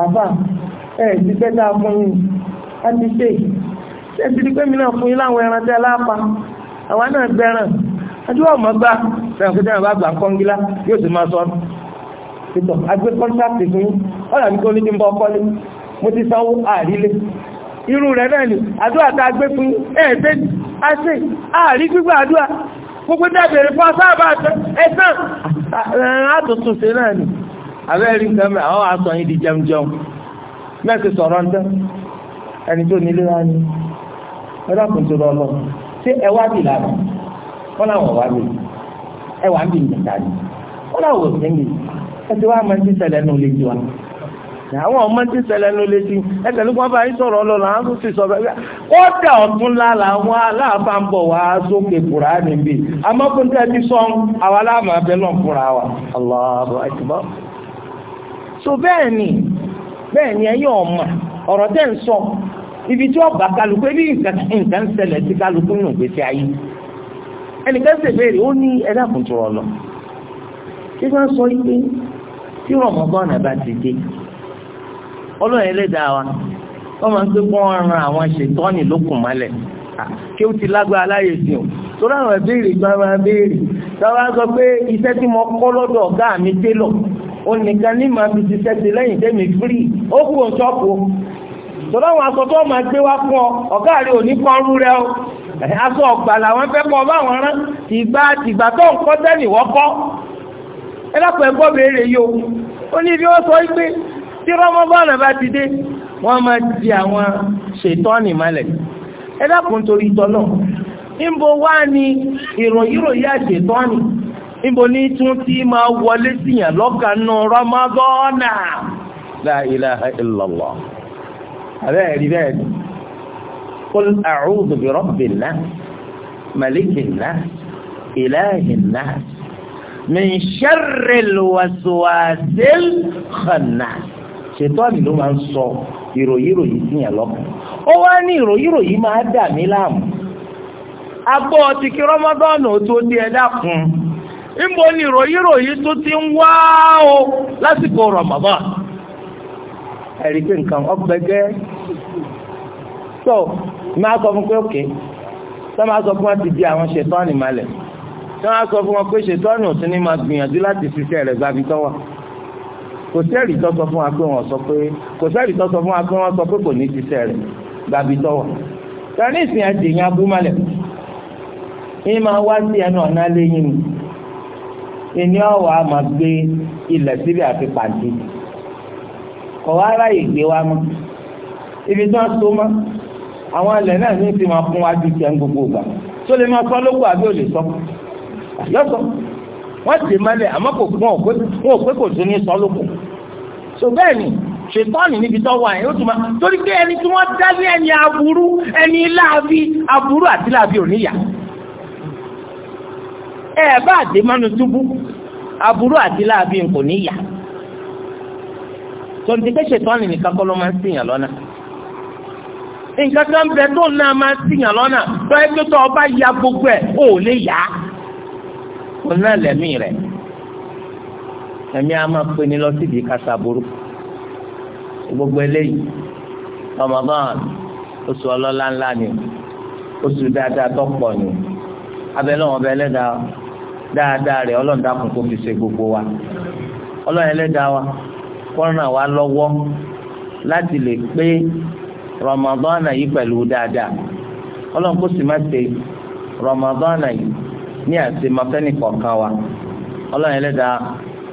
àbá ẹ̀ ti fẹ́ dáa fún yín á ti ṣe ẹ̀ ti di pé mi náà fún yín láwọn ẹran tẹ́ lápá àwa náà gbẹ́ràn àdúrà ọmọ gbà fẹ́ràn pé dáhùn bá gbà kọ́ngílá yóò sì máa sọ ìtọ̀ agbé kọ́ńtàkì fún yín ọ̀là ní kó ní kí n bọ́ kọ́lé mo ti sanwó àrílé irú rẹ̀ náà ni àdúrà tá a gbé fún ẹ̀ẹ́dẹ́ àṣẹ àrí gbígbà àdúrà gbogbo dábẹ̀rẹ̀ fún asáàbà ẹ̀sán àtúntò sí náà ni abẹ́rẹ́ nǹkan mẹ́ àwọn aṣọ yìí di jẹunjẹun mẹ́sì sọ̀rọ̀ ń tán ẹni tó nílé wa ni ẹ̀rọ àkùntò lọ lọ sí ẹwà bìlà rẹ̀ wọ́n láwọn wá lè ẹ wà ń bì níta ni wọ́n láwọn ò sí ń bì ẹ ti wá máa ń ti ṣẹlẹ̀ nù lè jù wá àwọn ọmọ ti ṣẹlẹ̀ nù lè jù ẹ tẹ̀lé kí wọ́n bá yín sọ̀rọ̀ lọ làwọn tó ti sọ bẹ́ẹ̀ wọ́n dà ọ̀tún la làwọn aláàbá ń bọ̀ wá sókè kura níbi àmọ́ kó sọ́n àwa láàmú abẹ́ lọ́n fúnra wa Allahu akbar so bẹ́ẹ̀ ni bẹ́ẹ̀ ni ẹ̀yin ọ̀ma ọ̀rọ̀ tẹ́ ń sọ ibi tí ọba kálukú ebi nǹkan ẹnìkan ṣe béèrè ó ní ẹ̀dá kùtù ọ̀lọ́ tí wọ́n sọ yí pé tí rọ̀mọ́bọ́n bá ti dé ọlọ́run ẹlẹ́dàá wa wọ́n máa ń gbé pọ́n ran àwọn ṣètọ́nì lókùn mọ́lẹ̀ kí ó ti lágbára láyè sí o tó láwọn ẹbéèrè gba máa béèrè táwa sọ pé iṣẹ́ tí mo kọ́ lọ́dọ̀ ọ̀gá mi télọ̀ onìkan ní màá fi ṣiṣẹ́ ti lẹ́yìn tẹ́mi fírì ó kú òun ṣọ́ọ̀kù tọ́lá àwọn aṣọ tó máa gbé wá fún ọ ọ̀gá rẹ ò ní kọrú rẹ o aṣọ ọ̀gbà làwọn fẹ́ kọ́ báwọn rán tìgbà tìgbà tó ń kọ́ sẹ́nì wọ́kọ́ ẹ dákun ẹ̀kọ́ béèrè yìí o ó ní ibi ó sọ pé tí rọ́mọ́bọ́ọ̀nà bá ti dé wọ́n máa di àwọn ṣètọ́nì malẹ̀ ẹ dákun torí tọ́lọ̀ níbo wá ní ìròyìnròyìn àṣetọ́nì níbo ní tún tí máa wọlé síyàn lọ́kànnú rọ́mọ́bọ́ọ̀nà la ilaha illallah àbẹ́ẹ̀rí bẹ́ẹ̀ ni qul a'udhu bi rabbil nas malikin nas ilahin nas min sharril waswasil khannas ṣètọ́ni ló máa ń sọ ìròyìnròyìn sí yẹn lọ́kàn ó wá ní ìròyìnròyìn máa dà mí láàmú abọ́ ti kí rọ́mọ́dọ́nù tó dé ẹ dákun ń bo ní tó ti ń wá o lásìkò rọ̀mọ́dọ́nù ẹ̀rí pé nǹkan ọgbẹ́gẹ́ so máa sọ fún pé òkè tó máa sọ fún wọn ti di àwọn ṣètọ́ọ̀nì malẹ̀ tó máa sọ fún wọn pé ṣètọ́ọ̀nì ò tún ní máa gbìyànjú láti ṣiṣẹ́ rẹ̀ gbàbí tọ́wà kò sẹ́ẹ̀rì tó sọ fún wa pé wọ́n sọ pé kò sẹ́ẹ̀rì tó sọ fún wa pé wọ́n sọ pé kò ní ṣiṣẹ́ rẹ̀ gbàbí tọ́wà tẹ̀lé ìsìn àti èèyàn abú malẹ̀ yín máa wá sí ẹnu ọ̀nà lẹ́yìn ni ìní ọ̀wà máa gbé ilẹ̀ síbi àti pàǹtí kọ̀ wá ráyè gbé wa mọ́ ibi tí wọ́n so mọ́ àwọn ilẹ̀ náà ní ti máa fún wa ju tiẹ̀ ń gbogbo ìgbà tó lè máa sọ lóko àbí ò lè sọ yọ̀sọ̀ wọ́n ti mọ́lẹ̀ àmọ́ kò fún wọn ò pé kò tún ní sọ lóko so bẹ́ẹ̀ ni ṣètọ́nì níbi tó wà yóò tún máa torí pé ẹni tí wọ́n dá ní ẹni aburú ẹni láàbí aburú àti láàbí ò níyà bá àdé mánu túbú aburú àti láàbí kò níyà. tonti pé ṣètọ́ni nìkan kọ́ ló máa ń ṣìyàn lọ́nà nǹkan kan bẹ tó náà máa ń ṣìyàn lọ́nà tó tó ọba ya gbogbo ẹ̀ ó lè yá kò náà lẹ́mí rẹ̀ ẹ̀mí a máa pe ni lọ síbi kásá burú gbogbo eléyìí Ramadan oṣù ọlọ́lá ńlá ni oṣù dáadáa tó pọ̀ ni abẹ́lẹ́ wọn bẹ́ẹ̀ lẹ́dàá dáadáa rẹ̀ ọlọ́run dákun fi ṣe gbogbo wa ọlọ́run wa. kó ràn wá lọ́wọ́ láti lè pé rọmọdọ́nà yìí pẹ̀lú dáadáa ọlọ́run kó sì má ṣe rọmọdọ́nà yìí ní àṣemọ́fẹ́nì kọ̀ọ̀kan wa ọlọ́run ẹlẹ́dàá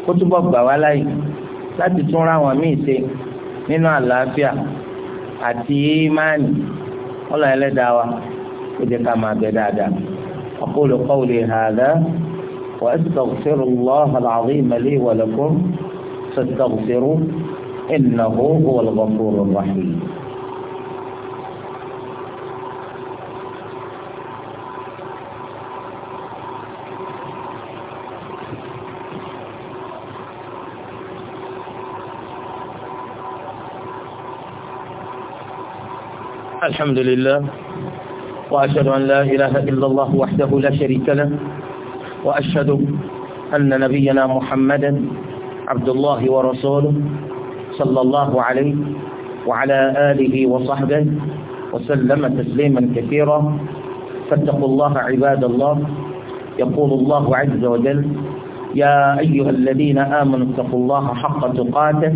kó túbọ̀ gbà wá láyè láti tún ráwọn míì ṣe nínú àlàáfíà àti ìmánì ọlọ́run ẹlẹ́dàá wa kó jẹ́ ká máa bẹ dáadáa aqulu qawli hadha wa astaghfirullah al-azim li wa lakum. فاستغفروه إنه هو الغفور الرحيم الحمد لله وأشهد أن لا إله إلا الله وحده لا شريك له وأشهد أن نبينا محمدا عبد الله ورسوله صلى الله عليه وعلى آله وصحبه وسلم تسليما كثيرا فاتقوا الله عباد الله يقول الله عز وجل يا أيها الذين آمنوا اتقوا الله حق تقاته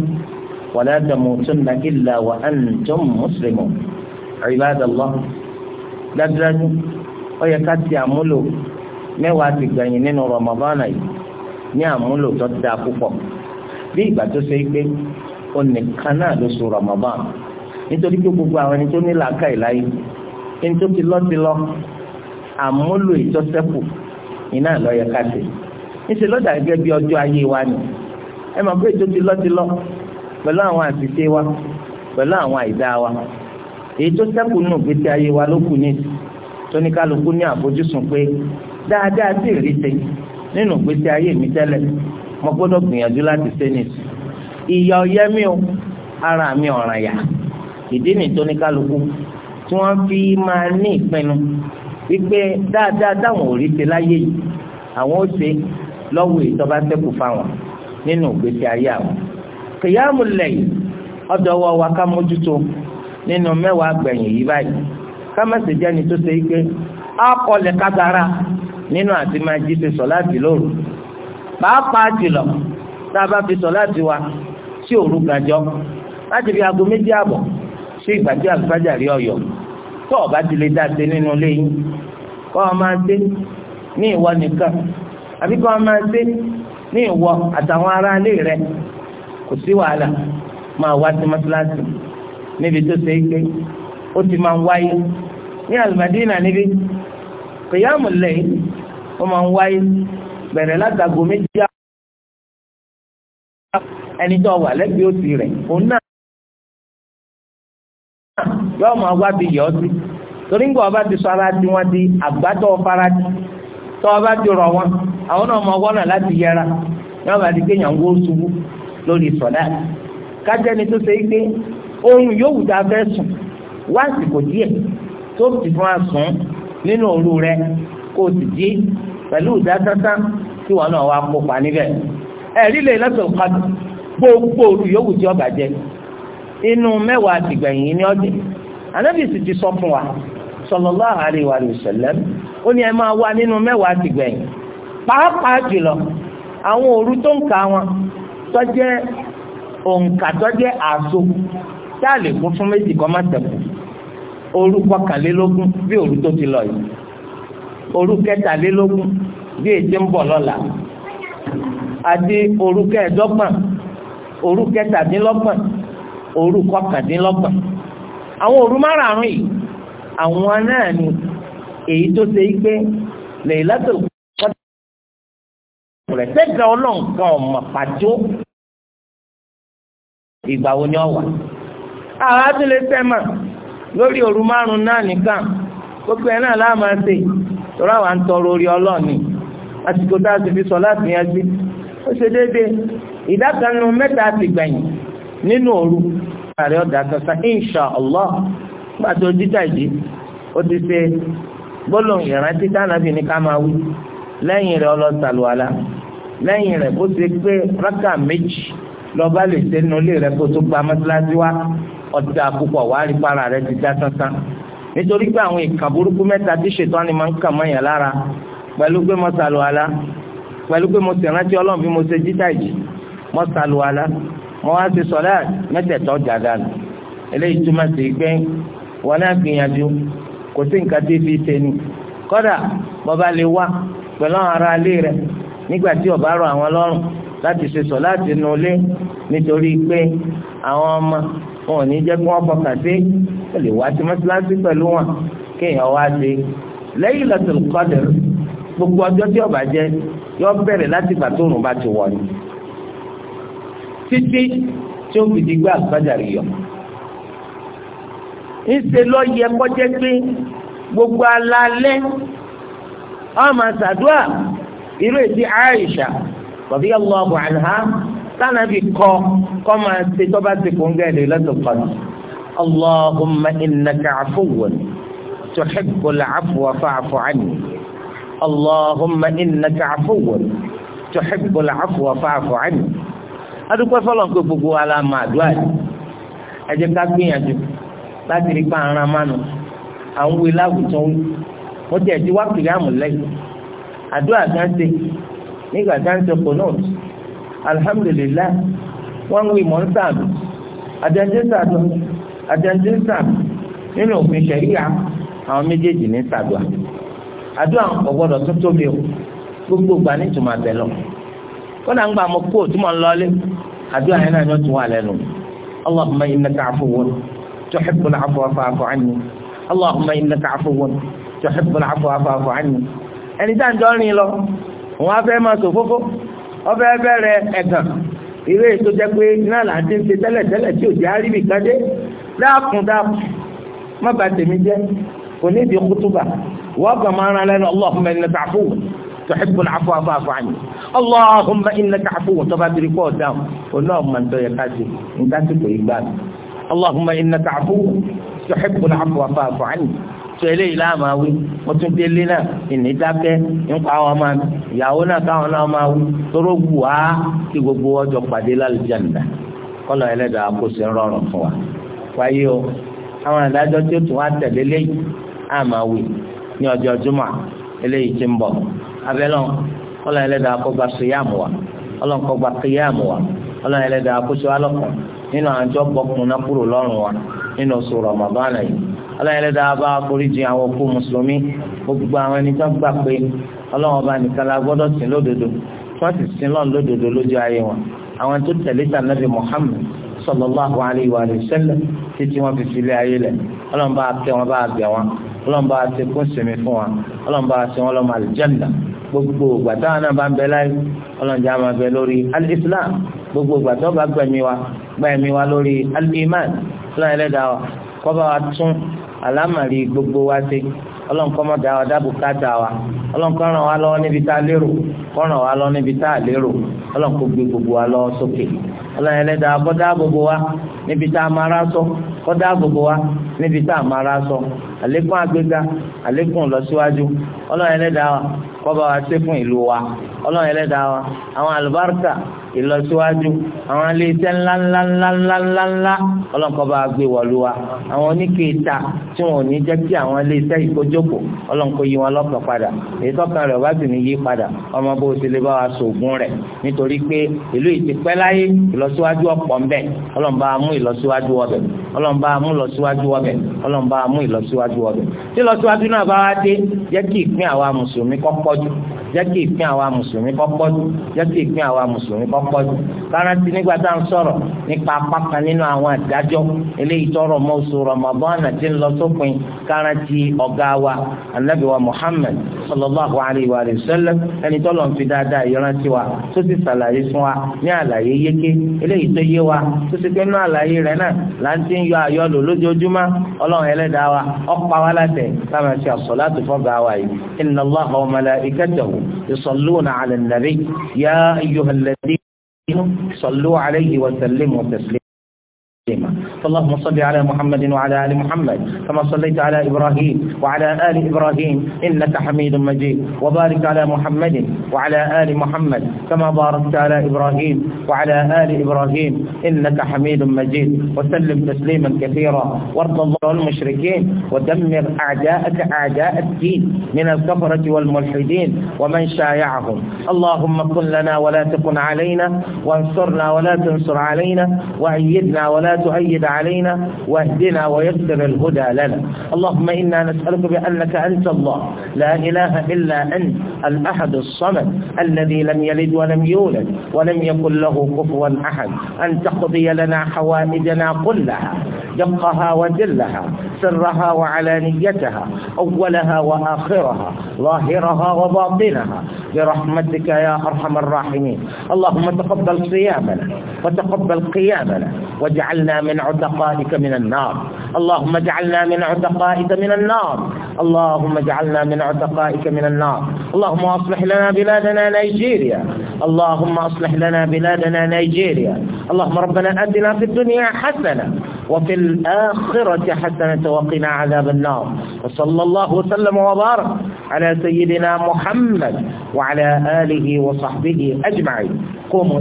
ولا تموتن إلا وأنتم مسلمون عباد الله لا تزالوا yẹ ká ti àmúlò mẹ́wàá ti gbẹ̀yìn nínú Ramadan ní àmúlò tó dáa púpọ̀ bí ìgbà tó ṣe pé ó nìkan náà ló so Ramadan nítorí pé gbogbo àwọn ẹni tó ní làákàyè láyé ẹni tó ti lọ ti lọ àmúlò ìtọ́sẹ́kù iná ló yẹ ká ṣe níṣẹ́ ló dà gẹ́gẹ́ bí ọjọ́ ayé wa ni ẹ mọ̀ pé ètò ti lọ ti lọ pẹ̀lú àwọn àṣìṣe wa pẹ̀lú àwọn àìdá wa èyí tó ṣẹ́kù nù gbèsè ayé wa ló kù ní tóníkálukú ní àfojúsùn pé dáadáa sì rí ṣe nínú gbèsè ayé mi tẹ́lẹ̀ mo gbọ́dọ̀ gbìyànjú láti ṣe ní ìsìn ìyà ọ̀yẹ́ mi o ara mi ọ̀ràn yà ìdí nìyí tó ní kálukú tí wọ́n fi máa ní ìpinnu wípé dáadáa táwọn ò rí ṣe láyé yìí àwọn ó ṣe lọ́wọ́ ìtọ́ba sẹ́kù fáwọn nínú ìgbésí ayé àwọn kìyàmù lẹ́yìn ọ̀dọ̀ wọ wa ká mójútó nínú mẹ́wàá gbẹ̀yìn yìí báyìí ká má ṣe jẹ́ni tó ṣe wípé á kọlẹ̀ kágara nínú àti máa jí ṣe sọ láti lóru pàápàá jùlọ tá a bá fi sọ láti wa sí òru gàjọ láti fi aago méjì àbọ̀ sí ìgbà tí àgbájá rí ọyọ tó ọba ti lè dáṣe nínú ilé yín kọ́ ọ máa ṣe ní ìwọ nìkan àbí kọ́ ọ máa ṣe ní ìwọ àtàwọn ará ilé rẹ kò sí wàhálà máa wá sí mọ́tíláṣí níbi tó ṣe é pé ó ti máa ń wáyé ní Al-Madina níbi kìyàmù lẹ́yìn ó máa ń wáyé bẹ̀rẹ̀ látago méjì ẹni tó wà lẹ́gbẹ̀ẹ́ òsì rẹ̀ òun náà yóò máa wá bí yọ sí torí ń gbọ́ ọba ti sọ ara wọ́n di farajì ti rọ̀ àwọn náà láti yẹra bá yàn wó ṣubú lórí sọ̀dá tó ṣe é ohun rẹ kó o sì pẹ̀lú ìdásásá tí wọn náà wá kópa níbẹ̀ ẹ̀rí lè lọ́sọ̀ kadù gbogbo olùyòwò tí ọba jẹ inú mẹ́wàá àtìgbẹ̀yìn ní ọdẹ anábì ti sọ fún wa sallallahu alaihi wa sallam ó ní ẹ máa wá nínú mẹ́wàá àtìgbẹ̀yìn pàápàá jùlọ àwọn òru tó ń ka wọn tó jẹ́ òǹkà tó jẹ́ àṣọ tá lè kún fún méjì kọ́ má tẹ̀kù òru kọkànlélógún bí òru tó ti lọ yìí òru kẹtàlélógún bí ètí ń bọ̀ lọ́la àti òru kẹẹ̀dọ́gbọ̀n òru kẹtàdínlọ́gbọ̀n òru kọkàndínlọ́gbọ̀n àwọn òru márààrún yìí àwọn náà ni èyí tó ṣe pé Laylatul Qadr rẹ̀ sẹ́gbẹ̀ ọlọ́nkan ọ̀mọ̀ pàtó ìgbà wo ni ọ wà. àwọn atúlẹ̀ sẹ́mà lórí oru márùn-ún náà nìkan gbogbo ẹ̀ náà láàmà ẹsẹ̀ tọ́lá wa ń tọrọ orí ọlọ́ọ̀ni àsìkò tá a sì fi sọ láti yẹn sí ó ṣe déédéé ìdákanu mẹ́ta ti gbẹ̀yìn nínú òru ààrẹ ọ̀dà kankan insha allah pàtó jíjà ìdí ó ti ṣe gbólóhùn ìrántí tánàbì ní ká máa wí lẹ́yìn rẹ̀ ọlọ́sàlùwàlà lẹ́yìn rẹ̀ bó ṣe pé rákà méjì lọ́ba lè ṣe nulẹ̀ rẹ̀ kó tó gba mọ́tíláṣí wá ọ̀dà púpọ̀ wá para rẹ̀ ti dá sánsán nítorí pé àwọn ìkà burúkú mẹ́ta tí ṣètò ni máa ń kà mọ́yàn lára pẹ̀lú pé mo sàlù àlá pẹ̀lú pé mo sì rántí ọlọ́run bí mo ṣe jíta ìjì mo sàlù àlá mo wá ṣe sọ̀lá mẹ́tẹ̀ẹ̀tọ́ dàda eléyìí túmọ̀ sí pé wọn náà gbìyànjú kò sí nǹkan tí fi ṣe ni kódà bọ́ba lè wá pẹ̀lú àwọn ará ilé rẹ̀ nígbà tí ọ̀bá rọ àwọn lọ́rùn láti ṣe sọ láti ilé nítorí pé àwọn ọmọ wọn ò ní jẹ́ kí wọ́n fọkàn sí ó lè wá sí mọ́sálásí pẹ̀lú wọn kéèyàn wá sí lẹ́yìn lọ́sọ̀rọ̀ kọ́dẹ̀ gbogbo ọjọ́ tí ọba jẹ́ yọ bẹ̀rẹ̀ láti gbà tó òrùn bá ti wọ̀ ni títí tí ó fi di gbé àgbájáre yọ. ńṣe lọ yẹ kọjá pé gbogbo alalẹ́ ọmọ sàdúà irú èsì Aisha radiyallahu anha tánàbì kọ kọ́ máa ṣe tọ́ba ti kún gẹ́gẹ́ lọ́sọ̀kọ́ni. اللهم إنك عفو تحب العفو فاعف عني اللهم إنك عفو تحب العفو فاعف عني adúpẹ́ fọlọ́n pé gbogbo wa la máa dùn àdì ẹ jẹ́ ká gbìyànjú láti rí pa ara mánu à ń wí láwùjọ wí wọ́n ti ẹ̀dí wá kiri àmúlẹ́yìn àdúrà gáńsẹ̀ nígbà gáńsẹ̀ kọ́nọ́ọ̀tù alhamdulilayi wọ́n ń wí mọ́ ń sàdùn àdéhùn sàdùn àtẹ̀ǹtì ń sàmì nínú òfin ṣẹ̀ríà àwọn méjèèjì ní sàdùà àdúrà ọ̀gbọ́dọ̀ tó tóbi o gbogbo ìgbà ní ìtumọ̀ abẹ lọ kódà ń gbà mọ kó tí mo ń àdúrà yẹn náà ni ó ti wà lẹ́nu ẹni tá à ń lọ á fẹ́ máa sọ fófó bẹ̀rẹ̀ ẹ̀gàn ìwé ètò jẹ́ pé náà ti ń ṣe dákun dákun má bà tèmi jẹ́ kò ní ìdí kútúbà wọ́n kàn máa ran lẹ́nu Allahumma innaka afuwwun tuhibbul afwa fa'fu anni Allahumma innaka afuwwun tó bá tiri kọ́ dáhùn kò náà mọ̀ tó yẹ káṣí nǹkan tí kò yí gbà mí Allahumma innaka afuwwun tuhibbul afwa fa'fu anni tẹ̀lé ìlànà wí mo tún délé náà ìní dákẹ́ nípa àwọn ọmọ mi ìyàwó náà káwọn náà máa wí tóró wù wá kí gbogbo ọjọ́ pàdé lálùjáde kọ́lọ̀ ẹlẹ́dàá kó ṣe ń rọrùn fún wa. wáyé o àwọn àdájọ́ tí ó tún wá tẹ̀lé léyìí á máa wì ní ọjọ́ jùmọ̀ eléyìí ti ń bọ̀ abẹ́lọ́ ọlọ́run ẹlẹ́dàá kó gba síyàmù wa ọlọ́run kó gba kíyàmù wa ọlọ́run ẹlẹ́dàá kó ṣe wá nínú àjọ bọ́kùn náà kúrò lọ́rùn wa nínú oṣù Ramadan yìí ọlọ́run ẹlẹ́dàá mùsùlùmí gbogbo àwọn ẹni sallallahu alayhi wa sallam títí wọ́n fi filé ayé lẹ̀ ọlọ́nba tẹ wọn bá gbẹ wọn ọlọ́nba tẹ kún sinmi fún wọn ọlọ́nba tẹ wọn lọ́mọ àlùjẹ́nà gbogbo ìgbà táwọn náà bá ń bẹ láyé ọlọ́njà máa bẹ lórí al-islam gbogbo ìgbà tó bá gbẹ̀mí wa gbẹ̀mí wa lórí al-iman ọlọ́njà kọ́ bá wa tún alámàrí gbogbo wa ṣe ọlọ́nkọ́ mọ́ da ọ̀dà bùkátà wa ọlọ́nkọ́ ràn wá lọ́wọ́ níbi tá a lérò kọ́ ràn wá lọ́wọ́ níbi tá a lérò ọlọ́nkọ́ gbé gbogbo wa lọ́wọ́ sókè ọlọ́run ẹlẹ́dàá kó dáàbòbò wa níbi tá a máa rá sọ kó dáàbòbò wa níbi tá a máa rá sọ àlékún àgbéga àlékún ìlọsíwájú ọlọ́run ẹlẹ́dàá kó bá wa ṣe fún ìlú wa ọlọ́run ẹlẹ́dàá àwọn àlùbáríkà ìlọsíwájú àwọn iléeṣẹ́ ńláńláńláńláńlá ọlọ́nkọ́ bá gbé wọ̀lú wa àwọn oníkèéta tí wọn ò ní jẹ́ kí àwọn iléeṣẹ́ ìkójókòó ọlọ́nkọ́ yí wọn lọ́kàn padà èyí tọ́kàn rẹ̀ ọba sì ní yí padà ọmọ bó ti lè bá wa sògùn rẹ̀ nítorí pé ìlú yìí ti pẹ́ láyé ìlọsíwájú ọ̀pọ̀ ńbẹ ọlọ́nba mú ìlọsíwájú ọbẹ̀ ọlọ́nba mú ìlọsíwájú ọbẹ̀ ọlọ́nba mú ìlọsíwájú ọbẹ̀ tí ìlọsíwájú náà bá wá dé jẹ́ kí ìpín àwa mùsùlùmí kó pọ̀jù jẹ́ kí ìpín àwa mùsùlùmí kó pọ̀jù jẹ́ kí ìpín àwa mùsùlùmí kó kọ́kọ́ jù kárántì nígbà tá à ń sọ̀rọ̀ nípa apá kan nínú àwọn àdájọ́ eléyìí tọrọ mọ́ oṣù Ramadan àti ńlọ sópin kárántì ọ̀gá wa anabi wa Muhammad sallallahu alayhi wa sallam ẹni tọ́lọ̀ ń fi dáadáa ìrántí wa tó ti sàlàyé fún wa ní àlàyé yéké eléyìí tó yé wa tó ti pé nínú àlàyé rẹ̀ náà là ń ti ń yọ àyọlò lójoojúmọ́ ọlọ́run ẹlẹ́dàá wa ọ̀pá wa látẹ̀ láwọn ẹ̀ṣẹ̀ àsọ̀látò fọ́gà wa yìí inna Allaha wa malaikatahu yusalluna ala an-nabi ya ayyuhal ladhi. صلوا عليه وسلموا تسليما فاللهم صل على محمد وعلى آل محمد كما صليت على إبراهيم وعلى آل إبراهيم إنك حميد مجيد وبارك على محمد وعلى آل محمد كما باركت على إبراهيم وعلى آل إبراهيم إنك حميد مجيد وسلم تسليما كثيرا وارض الله المشركين ودمر أعداءك أعداء الدين من الكفرة والملحدين ومن شايعهم اللهم كن لنا ولا تكن علينا وانصرنا ولا تنصر علينا وأيدنا ولا تؤيد علينا واهدنا ويسر الهدى لنا اللهم إنا نسألك بأنك أنت الله لا إله إلا أنت الأحد الصمد الذي لم يلد ولم يولد ولم يكن له كفوا أحد أن تقضي لنا حوائجنا كلها دقها وجلها سرها وعلانيتها أولها وآخرها ظاهرها وباطنها برحمتك يا أرحم الراحمين اللهم تقبل صيامنا وتقبل قيامنا واجعلنا من عتقائك من النار اللهم اجعلنا من عتقائك من النار اللهم اجعلنا من عتقائك من النار اللهم اصلح لنا بلادنا نيجيريا اللهم اصلح لنا بلادنا نيجيريا اللهم ربنا اتنا في الدنيا حسنه وفي الآخرة حسنة وقنا عذاب النار وصلى الله وسلم وبارك على سيدنا محمد وعلى آله وصحبه أجمعين قوموا